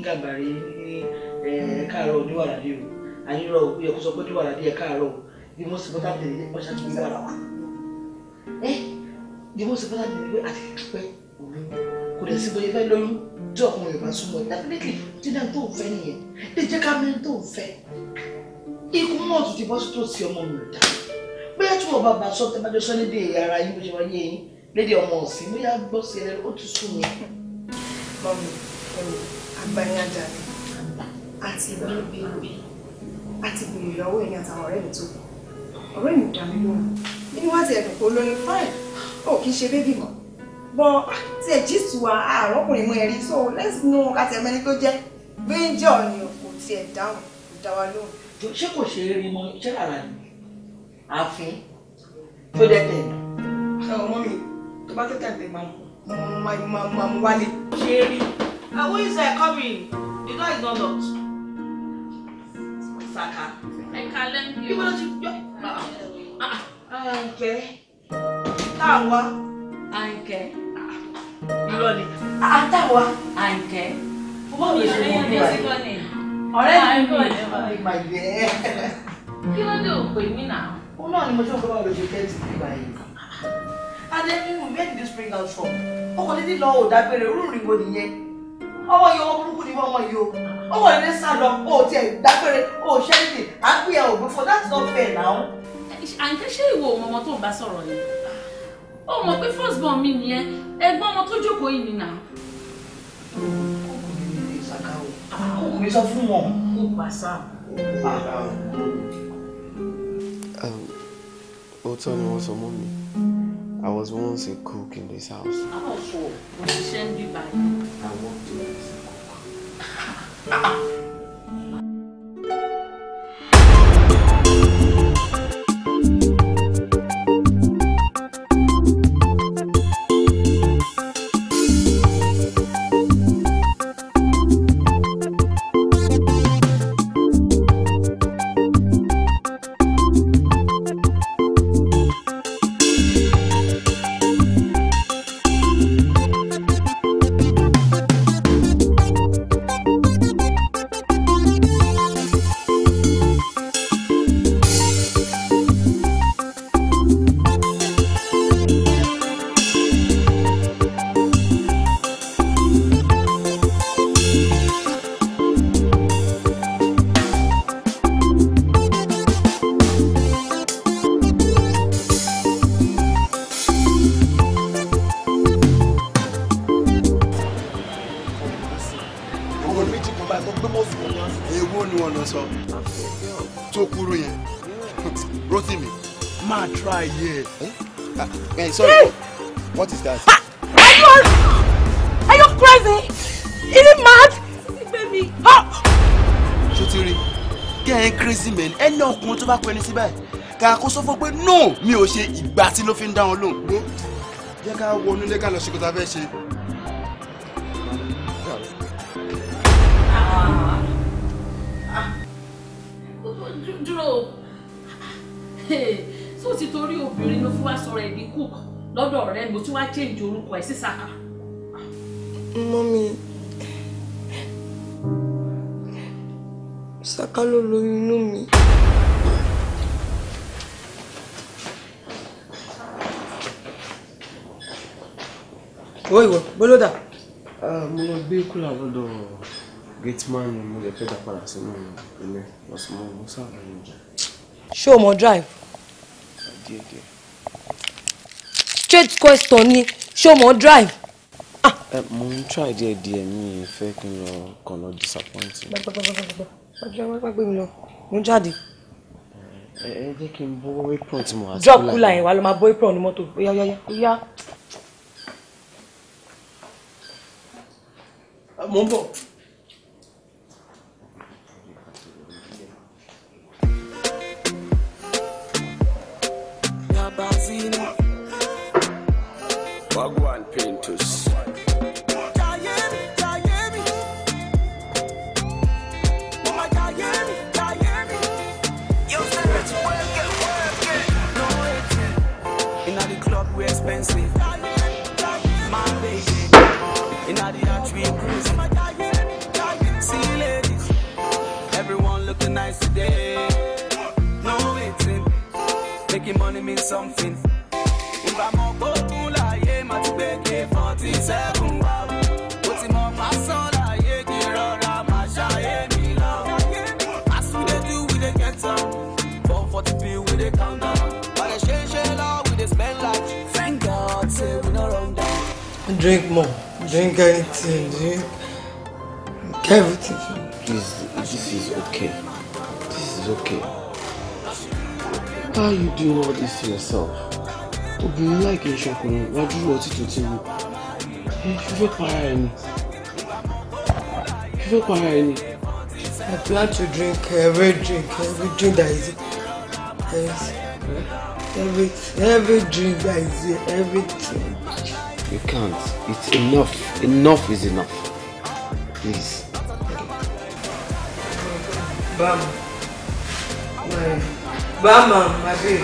dàgbà rí ní káàárọ̀ oníwàrà bí o àyínrọ̀ òkú yẹ kó sọ pé oníwàrà bí ẹ káàárọ̀ the most important thing ni wọ́n ṣàtúnṣe wàrà wa the most important thing ni pé àti dúpẹ́ òun kò dẹ̀ sí bóyá fẹ́ lóyún tí ọkùnrin ìbá súnmọ́ definitely dídá tó fẹ́ nìyẹn lè jẹ́ ká mẹ́rin tó fẹ́ ikú mọ́ ọ̀tún ti bọ́ sí tó sí ọmọ mi dá bóyá tí wọ́n bá bá sọ tẹ́ bá jọ sọ lédè ara yín bó ṣe wáyé yín lédè ọmọ ọ̀sìn bóyá gbọ́ sí ẹ ó ti sún mi. mọ́mi mọ́mi àgbàyànjà àti ìbíbí àti bèrè lọ́wọ́ ẹ̀yìn àtàwọn ọ̀rẹ́ mi tó kù ọ̀rẹ́ mi dà mí lóhùn nínú wá ti ẹ̀dùn kó lóyún fine ó kì í ṣe bébì mọ́ bọ́ ah, tí ẹ̀ gist wa àrọ́kùnrin mú ẹ rí so let's know káti ẹ̀ mẹ́ni tó jẹ́ gbẹ́njọ́ ni kò tiẹ̀ dáhùn kò dá wa lóhùn. ṣé kò ṣe eré mímọ ṣé rárá ni àfin tó jẹ tẹ ẹ ọmọ mi tó bá tẹ tẹ máa mú wálé. ṣé rí Uh, who is there coming? The door is not locked. Saka. I can lend you. Ibo ló ti yọ. Àǹkẹ́. Táwa. Àǹkẹ́. Irọ́ ni. Àtàwa. Ah, ah, Àǹkẹ́. Owó mi ṣe mọ̀ nípa ẹ̀. Ọ̀rẹ́ mi mi ah, ìgbàgbẹ́. Oh Kí ló dé òpè mí náà? Ó náà ni mo ṣe òkúrò lójú tẹ́tì nígbà yìí. Adé mi, where did you spring out from? Ọkọ̀ dídí lọ ò dágbére, orúurin wo nìyẹn? ọmọ yìí ọmọ burúkú ni ọmọ yìí o ọmọ yìí lè sá lọ o tiẹ̀ dágbére o ṣẹ́yìn à ń pè ẹ́ ògbé fún that's not fair now. àǹkẹ́ ṣé ìwọ ọmọ tó ń bá sọ̀rọ̀ ni ó mọ̀ pé first born mi nìyẹn ẹ̀gbọ́n ọmọ tó jókòó yìí nìyà. ọkùnrin mi lè ṣàkà o ah, ọkùnrin sọ fún wọn. kó pa sáà. òótọ́ ni wọ́n sọ mọ́ mi. I was once a cook in this house. I was sure. What you send you back. I want to as a cook. bá pẹni síbẹ̀ ká kó sọ fún pé no mi ò ṣe ìgbà tí ló fi ń dá wọn lóhùn gbó jẹ́ ká wọnú ilé ká lọ ṣe kó fẹ́ ṣe. dúró tó ti torí obìnrin ló fi wá sọ̀rọ̀ ẹ̀dín cook lọ́dọ̀ ọ̀rẹ́ mo ti wá change orúkọ ẹ̀ sí Saka. mọ́mí Saka ló lóyún inú mi. ó ìwọ bólódà. mo lọ gbé kúlà lọ́dọ̀ gateman ni mo lè fẹ́ dá padà sínú ilé ọ̀sán mo sábà ní ìjà. ṣé Show mọ drive. díẹ̀ díẹ̀. straight question ni ṣé o mọ drive. Ah. mo ń try díẹ̀ díẹ̀ mi fẹ́ kí n lọ kàn lọ disappoint. gbàgbàgbàgbàgbà mi lọ mo jáde. ẹ jẹ́ kí n bọ́ apron tí mo wá sí kúlà. drop kúlà yẹn wà ló máa bọ́ apron ní mọ́tò ó yá ó yá ó mo ń bọ̀. today. No waiting, making money means something. Ìbámu gbógun láyé máa ti gbèké forty seven wá. Mo ti Drink more, drink anything, drink everything okay. How are you doing all this to yourself? Obìnrin láìkí iṣan ọkùnrin wá dúró ọtí tó ti wù. Ẹ fífẹ́ para ẹ ni. Fífẹ́ para ẹ ni. I plan to drink every drink every drink that is yes. every every drink that is everything. You can't. It's enough. Enough is enough. Please. Bam. my Bama, my babe.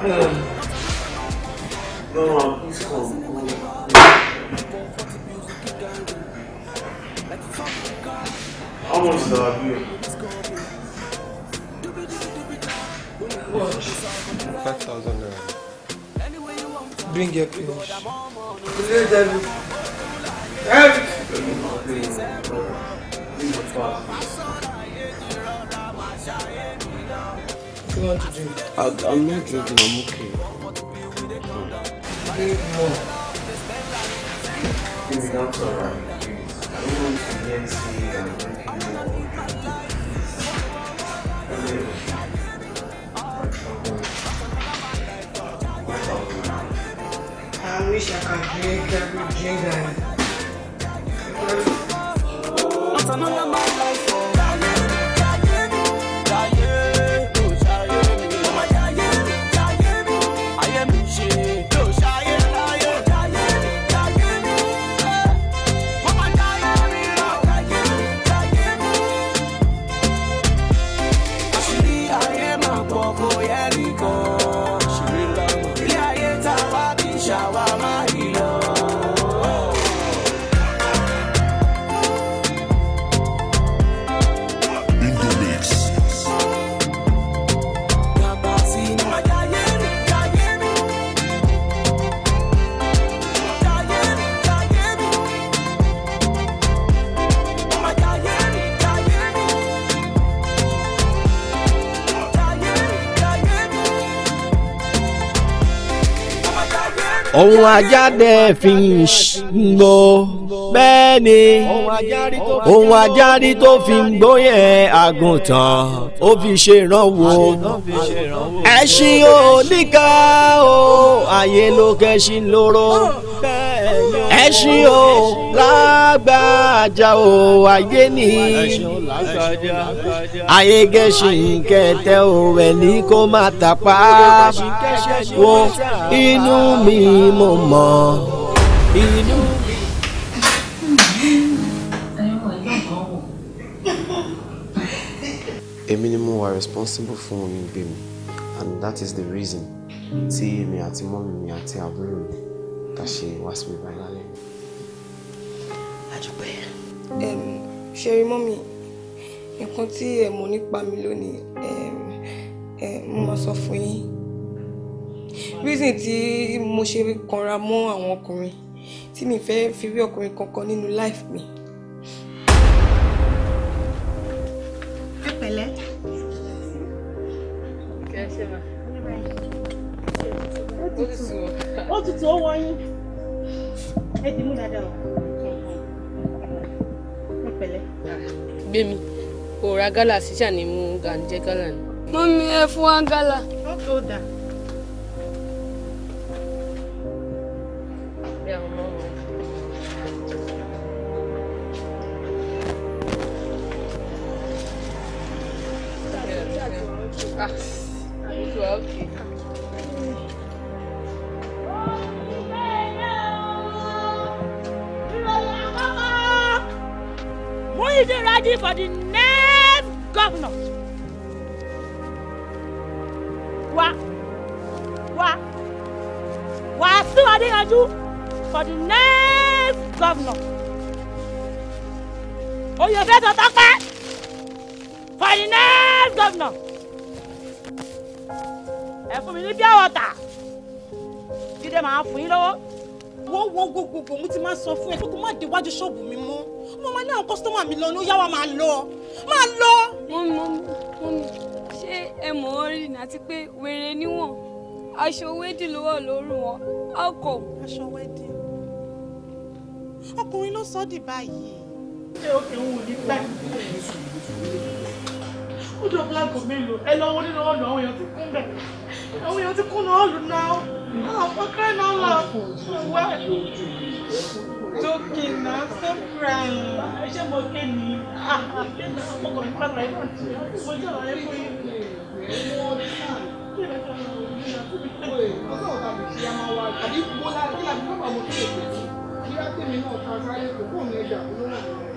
Um, Mama, please come. How much is that bill? Watch. 5,000 naira. Bring your cash. Please, David. David! want to do? I, I'm not drinking, I'm okay. Need more. It's not alright, please. I wish I could drink every drink I... Not another man. ohun ajáde fi ń gbó bẹ́ẹ̀ ni ohun ajáde tó fi ń gbó yẹn àgùntàn ó fi ṣe ìrànwọ́ ẹṣin ò níkà o ayé ló kẹ́ṣin lóró ẹṣin ò lágbàájà o ayé ni ayé gẹ̀ẹ́sì kẹtẹ òwe ní kó má tapá wo inú mi mo mọ̀ inú mi. èmi ni mo wà responsible fún oyún gbé mi and that is the reason tí èmi àti mọ́mí mi àti àbúrò mi ta ṣe wá síbi báyìí lálẹ́. àdúpẹ́ ṣe rí mọ́mí nǹkan tí ẹ mọ̀ nípa mi lónìí ẹ mo máa sọ fún yín reason tí mo ṣe kanra mọ́ àwọn ọkùnrin tí mi fẹ́ fi rí ọkùnrin kankan nínú life mi. ẹ pẹ̀lẹ́. ó tutù ó wọnyín ẹ dì mú dáadáa o pẹ̀lẹ́. gbé mi kò ra gálà sísà ní mú gàǹjẹ gálà ni. mọ́mí ẹ fún wa gálà. ó tó dáa. Professor Tope for the next governor. Ẹ fún mi ní bí àwọn ta. Jíde máa fún yín lọ́wọ́. Wọ́n wo gbogbogbò mo ti máa sọ fún ẹ pé kó má dé iwájú ṣọ́ọ̀bù mi mọ́. Mo máa ní àwọn kọ́sítọ́mà mi lọ ní ó yá wa máa lọ. Máa lọ. Mo mi mo mi mo mi ṣé ẹ mọ̀ ọ́ rí ni àti pé wèrè níwọ̀n aṣọ wẹ́dì ló wà lórí wọn ọkọ̀. Aṣọ wẹ́dì ọkùnrin ló sọ ọ́ báyìí ṣé o kì í wù ní pẹ́? ó jọ blanco mélòó ẹ lọ wo nínú ọ̀nà àwọn èèyàn ti kún bẹ̀ àwọn èèyàn ti kún náà lù náà àwọn cry now loud wá jókè náà stop crying ṣé mo ké ah, ní ọkọ̀ mi pàtàkì láì náà mo jẹ́ àwọn ẹ̀fọ́ yìí. ọ̀sán ọ̀tá mi ṣe máa wá àbí bọ́lá kí làbí bàbá mo kéde pẹ̀lú bí wàá tèmi náà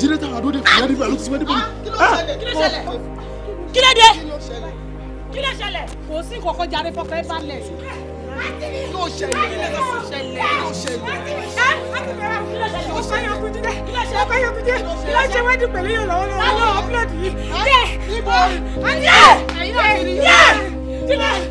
jíde táwọn àdó de fìyà níbi àlọ́ síwájú bọ́ọ̀lù. kí ló ṣẹlẹ̀ kí ló ṣẹlẹ̀ kí ló dé kí ló ṣẹlẹ̀ kò sí kọ̀ọ̀kan jàre fọkàn ẹ bá lẹ̀. kí ló ṣẹlẹ̀ kí ló ṣẹlẹ̀ kí ló ṣẹlẹ̀. ó fẹ́ yan kúndé ó fẹ́ yan kúndé kí ló ṣe wẹ́dí pẹ̀lú yàn lọ́wọ́lọ́wọ́ upload yìí. níbo àyè àyè kí ló ṣẹlẹ̀.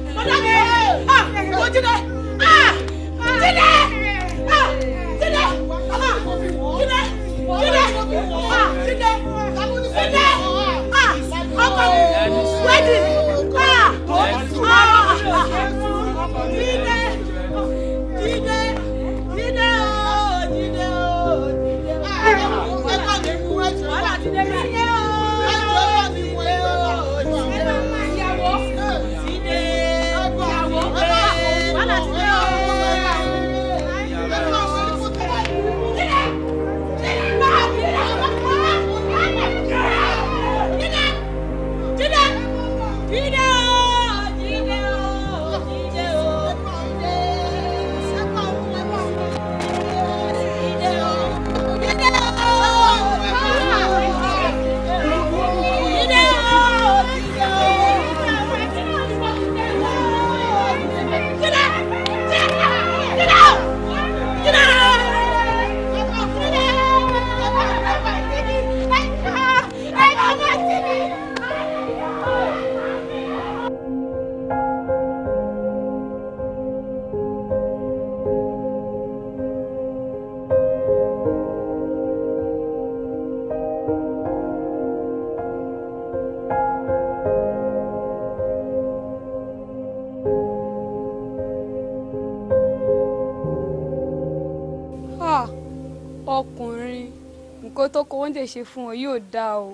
lè ṣe fún ọ yóò dáa o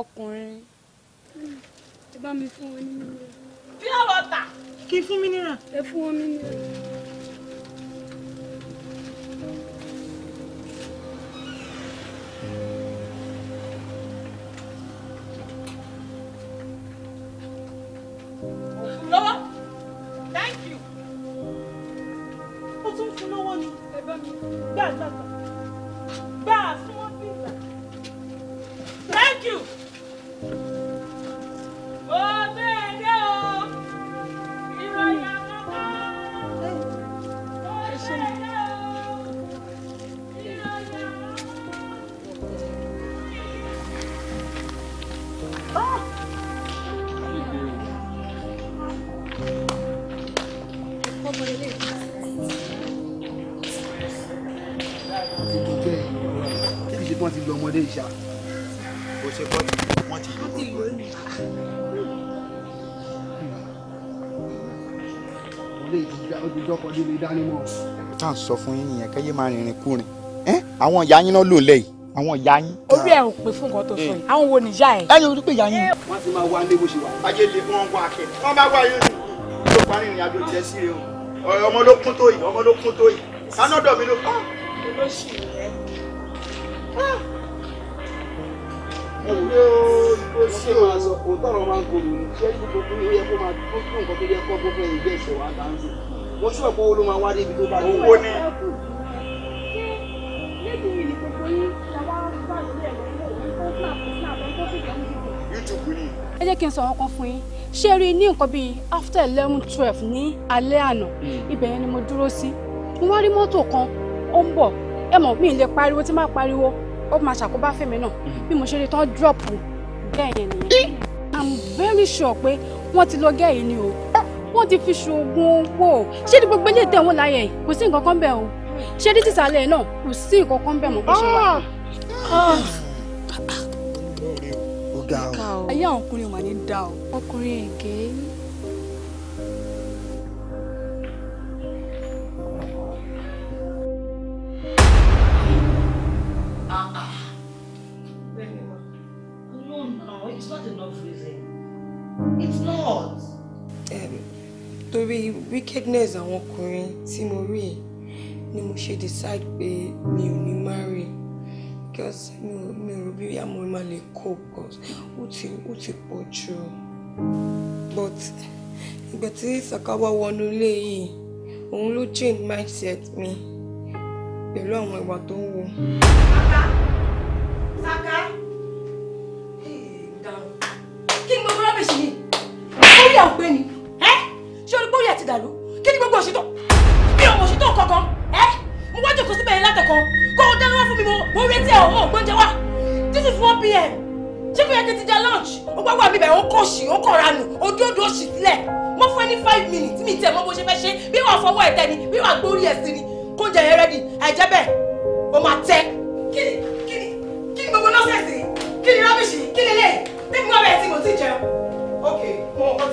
ọkùnrin tá à ń sọ fún yín nìyẹn kẹ́yẹ́ máa rìnrìn kúrin àwọn ìyá yín náà lò lẹ́yìn àwọn ìyá yín. orí ẹ ò pé fún nǹkan tó sọ yìí àwọn wo nìyá ẹ. ẹni orí pé ìyá yín. wọ́n ti máa wá ilé bó ṣe wà. ayé lè wọ́n wá kẹ́ wọ́n bá wá yóò nù ló parí ìrìn àjò tiẹ̀ sí rẹ o ọmọ ló kún tó yìí ọmọ ló kún tó yìí sánọ́dọ̀ mi ló kọ́. olóṣì rẹ. ìwé olóṣì rẹ. òótọ́ ọ̀rọ̀ máa ń gbòòrò ní ṣé gbogbo tó yẹ kó máa tó nǹkan tó yẹ kó gbogbo ẹ̀yìn bẹ́ẹ̀ ṣe wà á dáńsì mo ṣọ́ pé owó máa wá dé ibi tó bá owó ni. ẹ jẹ́ kí n sọ wọn fún yín ṣé rí ní nǹkan bíi after eleven twelve ní alẹ́ àná hmm. ibẹ̀ yẹn ni mo dúró sí mo wá rí mọ́tò kan ó ń bọ̀ ẹ mọ̀ mi lè pariwo tí má pariwo ó máa ṣàkóbá fèmí náà hmm. bí mo ṣe rí tán drop bẹ́ẹ̀ yẹn nìyẹn i'm very sure pé wọ́n ti lọ gẹ́ yìí ni o wọ́n ti fi ṣoògùn owó ṣé ní gbogbo ilé ìtẹ̀wọ̀n láyẹ̀ yìí kò sí nǹkan kan bẹ́ẹ̀ o ṣé ní tìsàlẹ̀ náà kò sí nǹkan kan bẹ́ẹ̀ mọ́ bó ṣe wà. ó ga o ayé àwọn ọkùnrin mà ní da o. ọkùnrin èké. Ah, ah. It's not enough reason. It's not torí wickedness àwọn ọkùnrin tí mo rí ni mo ṣe decide pé mi ò ní marry because mi ò rò bí àmọ́ mi máa lè cope but ó ti ó ti pọ̀ jù but ìgbà tí Saka wá wọnú ilé yìí òun ló change mindset mi pẹ̀lú àwọn ìwà tó ń wò. Saka Saka kí ni gbogbo rọ́bìṣì ni ó yà ó pé ni. mo retí ẹ̀ ọ̀hún ògbóúnjẹ wá this is one pm ṣé kò yẹ kí n ti jẹ lunch ó gbọ́ wà bíbẹ̀ ó kọ̀ ṣì ó kọ̀ ranù ojú odò ṣì sílẹ̀ mo fún ẹ ní five minutes mi tiẹ̀ mọ́ bó ṣe fẹ́ ṣe bí wàá fọwọ́ ẹ̀ tẹ́ ni bí wàá gbórí ẹ̀ sí ni kó jẹ yẹn rẹ́dì àìjẹ́ bẹ́ẹ̀ ó máa tẹ́ kí ni kí ni kí ni gbogbo nọ́ọ̀sẹ̀sì kí ni rọ́bìṣì kí ni lè tẹ́mi wọ́n bẹ̀rẹ̀ tí mo ti jẹun ok mo ò kọ́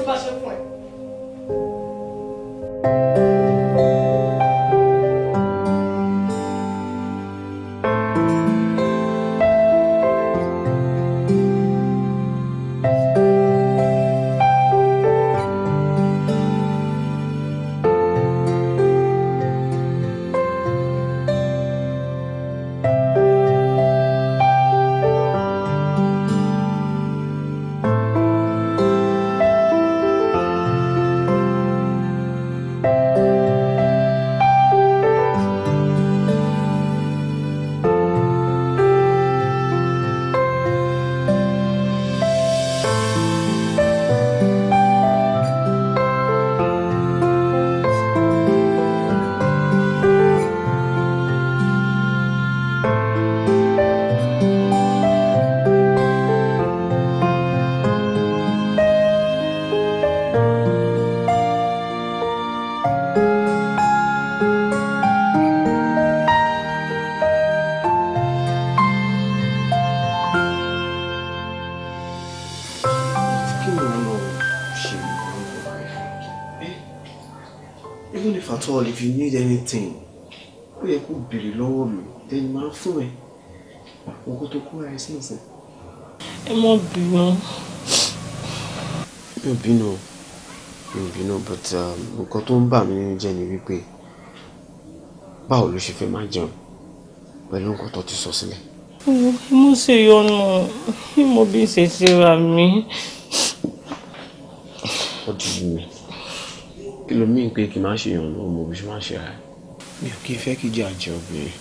anything ó yẹ kó béèrè lọ́wọ́ mi ẹni máa ń fún ẹ owó tó kó ẹ sí ìsìn. ẹ mọ bí wọn. mi ò bínú mi ò bínú but um, nǹkan tó ń bà mí nínú jẹ́ ni wípé báwo ló ṣe fẹ́ máa jẹun pẹ̀lú nǹkan tó ti sọ sílẹ̀. mo ṣe yọnu mo bí ṣe ṣe ra mi. ó ti kí ló mí pé kí n má ṣe yọnu mo bí ṣe má ṣe ra ẹ. mi ò kí n fẹ́ kí jẹ́ àjẹ́ obìnrin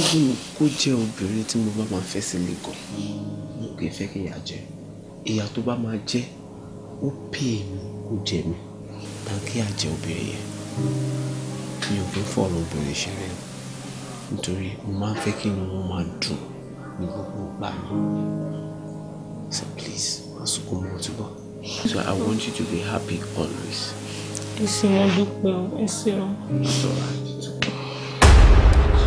even kó jẹ́ obìnrin tí mo bá máa fẹ́ sílé gan mi ò kí n fẹ́ kí ìyà jẹ ìyà tó bá máa jẹ́ ó pè mí kó jẹ mí tàn kí àjẹ́ obìnrin yẹn mi ò kí n fọ̀rọ̀ obìnrin ma nítorí mo máa fẹ́ kí máa dùn ní please so I want you to be happy always. ẹ ṣe wọn dúpẹ́ o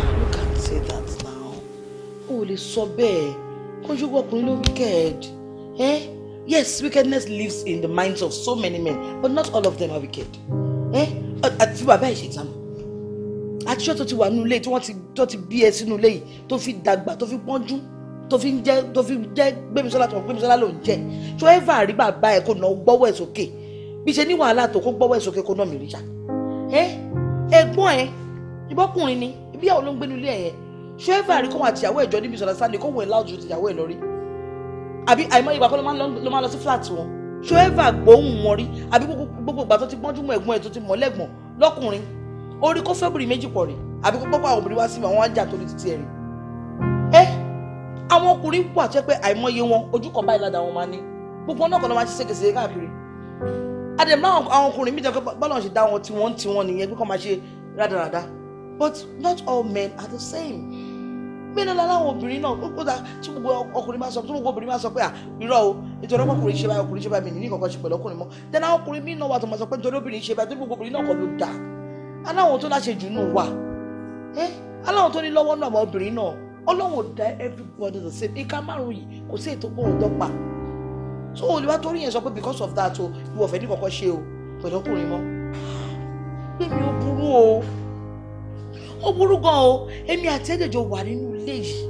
you can't say that now o ò lè sọ bẹ́ẹ̀ kójú ọkùnrin ló wicked eh? yes wickedness lives in the minds of so many men but not all of them are wicked àti bàbá ẹ̀ ṣètàn àtijọ́ tó ti wà nínú ilé tí wọ́n tó ti bí ẹ sínú ilé yìí tó fi dàgbà tó fi pọ́njú tó fi ń jẹ́ tó fi jẹ́ gbémisọ́lá tó gbémisọ́lá ló ń jẹ́ ṣọ́ ẹ́fà rí bàbá ẹ̀ kò náà gbọ́wọ́ ẹ̀ sókè. Okay bí ṣe ní wàhálà tó kó gbọ́wọ́ ẹ̀sùn kékeré náà mi rí ya ẹ ẹ̀gbọ́n ẹ ìbọ́kùnrin ni ibi àwọn ló ń gbénu ilé ẹ̀yẹ ṣé ẹ̀fà rí kóhun àtìyàwó ẹ̀jọ́ níbi ìsọ̀rọ̀ sáni kóhun ẹ̀ láwùjọ tìyàwó ẹ̀ lórí àbí àìmọ́ ìgbà kan ló máa lọ sí flat wọn ṣé ẹ̀fà gbóhùn wọn rí àbí gbogbo ìgbà tó ti gbọ́njú mọ́ ẹ̀gbọ́n ẹ̀ tó ti mọ̀ lẹ́gbọ̀n lọ́kùnrin orí kó fẹ́bùrì méjì pọ̀ rí àbí kó gbọ́pọ̀ àwọn obìnrin wá sí mi àwọn ajá torí títí ẹ̀rí ẹ àwọn ọkùnrin pọ̀ àti pé àìmọye wọn ojú kan báyìí ládàá wọn máa ní gbogbo náà kan ló máa ṣe ségesège àdèmí àwọn ọkùnrin mi jẹ́ pé bọ́lá dá wọn tí wọ́n nìyẹn pé kọ́ máa ṣe rádaràda but not all men are the same mẹ́rin láwọn obìnrin náà ó dá tí gbogbo ọkùnrin máa sọ tí gbogbo obìnrin máa sọ pé à irọ́ o nítorí ọkùnrin ṣe báyìí ọkùnrin ṣe báyìí mi ní kankan ṣe pẹ̀lú ọkùnrin mọ́ then àwọn ọkùnrin mi náà wà tó máa sọ pé nítorí obìnrin ṣe báyìí tó gbogbo obìnrin náà kọ́ ló dá aláwọn tó láṣẹ jù náà wà ẹ́ eh, aláwọn tó ní lọ́wọ́ náà wà obìnrin náà ọlọ́wọ́n dá everybody the same ìka márùn-ún yìí kò sí ètò kóhùn dọ́gba so olùwà torí yẹn sọ pé because of that o ìwọ ọ̀fẹ́ ní kọ̀kọ́ ṣe o pẹ̀lú ọkùnrin mọ́ èmi ò burú o ó burú gan o èmi àti ẹ̀dẹ̀jọ wà nínú ilé yìí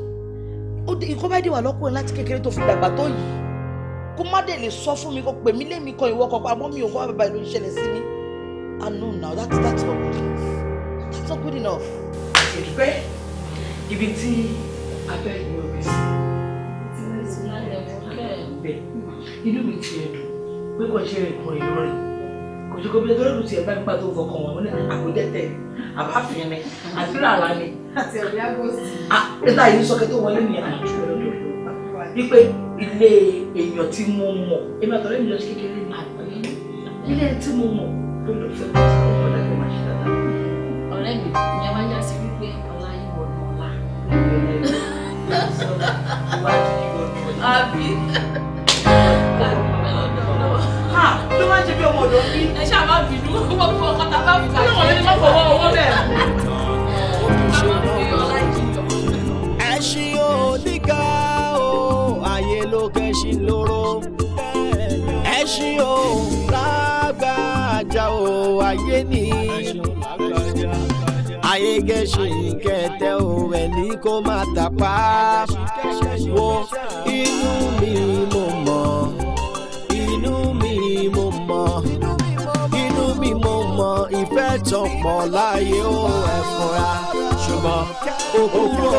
nǹkan bá dé wà lọ́kùnrin láti kékeré tó fi dàgbà tó yìí kó má dé lè sọ fún mi kó pè mí lémi kan ìwọ kan pamọ́ mi ò kọ́ bàbá ìlú ìṣẹ̀lẹ̀ sí mi i know now That's that's not good enough that's not good enough. ìfẹ́ ibi tí abẹ́ ìwé ọ̀gbìn sí bẹ́ẹ̀ inú mi ti ẹ̀ dùn pé kò ṣe ẹ̀kọ́ ìlọrin kò ṣe kó bí ẹgbẹ́ olùsí ẹ̀bá nípa tó fọkàn wọn ní àkójẹ́tẹ̀ àbáfin ni àdúrà ara ni àti ọ̀rẹ́ àgọ́sì. àpẹta yìí sọ kẹtọ wọlé ní àjù wípé ilé èèyàn tí mo mọ̀ èmi àtọ̀rẹ́ mi lọ sí kékeré ní àgbáyé ilé tí mo mọ̀ ló lọ fẹ́ kó sí ọmọdé kó máa ṣe dáadáa. ọ̀rẹ́ mi ìyẹn wáyé Abi, ló máa ń ṣe bí ọmọ ọ̀dọ́ bí. ẹ ṣáà má bínú ọmọ bí wọn kọta bá bùkà. ọlọ́wọ́ lẹ́ni má fọwọ́ owó bẹ́ẹ̀. ẹṣin oníga o ayé ló kẹ́ṣin o lágbàájà o kó má tàpá wo inú mi mo mọ̀ inú mi mo mọ̀ inú mi mo mọ̀ ìfẹ́ tọ̀pọ̀ láyé ó ẹ̀fọ́ra ṣùgbọ́n òkúrò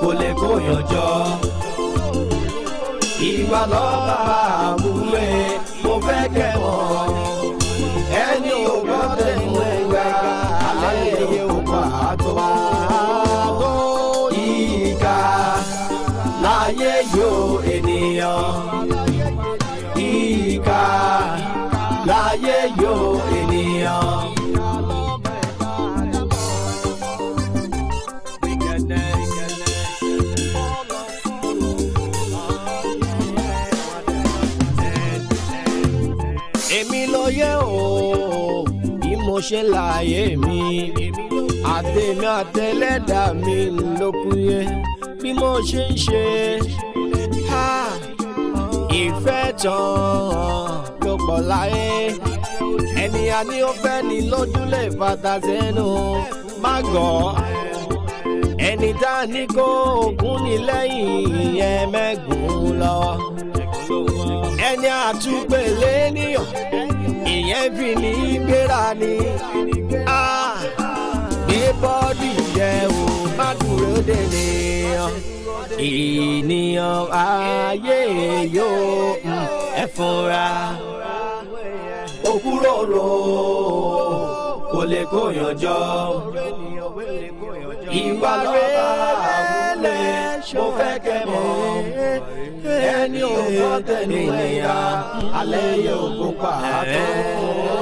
kò lè kó yànjọ́ ìwà lọ́ba àmúwẹ̀ mo fẹ́ kẹ́. ṣẹlàyé mi àtẹ̀mí àtẹlẹ́dà mi lókun yẹn bí mo ṣe ń ṣe ìfẹ́ tán ló pọ̀ láyé ènìyàn ni ó fẹ́ ni lójú lè fata sẹ́nu má gọ̀ ẹni tá a ní kó ògún ní lẹ́yìn ìyẹn mẹ́gùn lọ ẹni àtúgbèlé níyàn ìyẹn fi ní gbéra ni gbé bọ́ọ̀dì yẹ o má dúró dè ní ènìyàn ayé yóò mm, ẹ fúnra òkúròrò kò lè kóyànjọ ìwà rẹ̀ lẹ̀ mo fẹ́ kẹ́ mọ̀ ẹni ò kọ́ tẹ̀lé ìlera alẹ́ yóò kópa tó.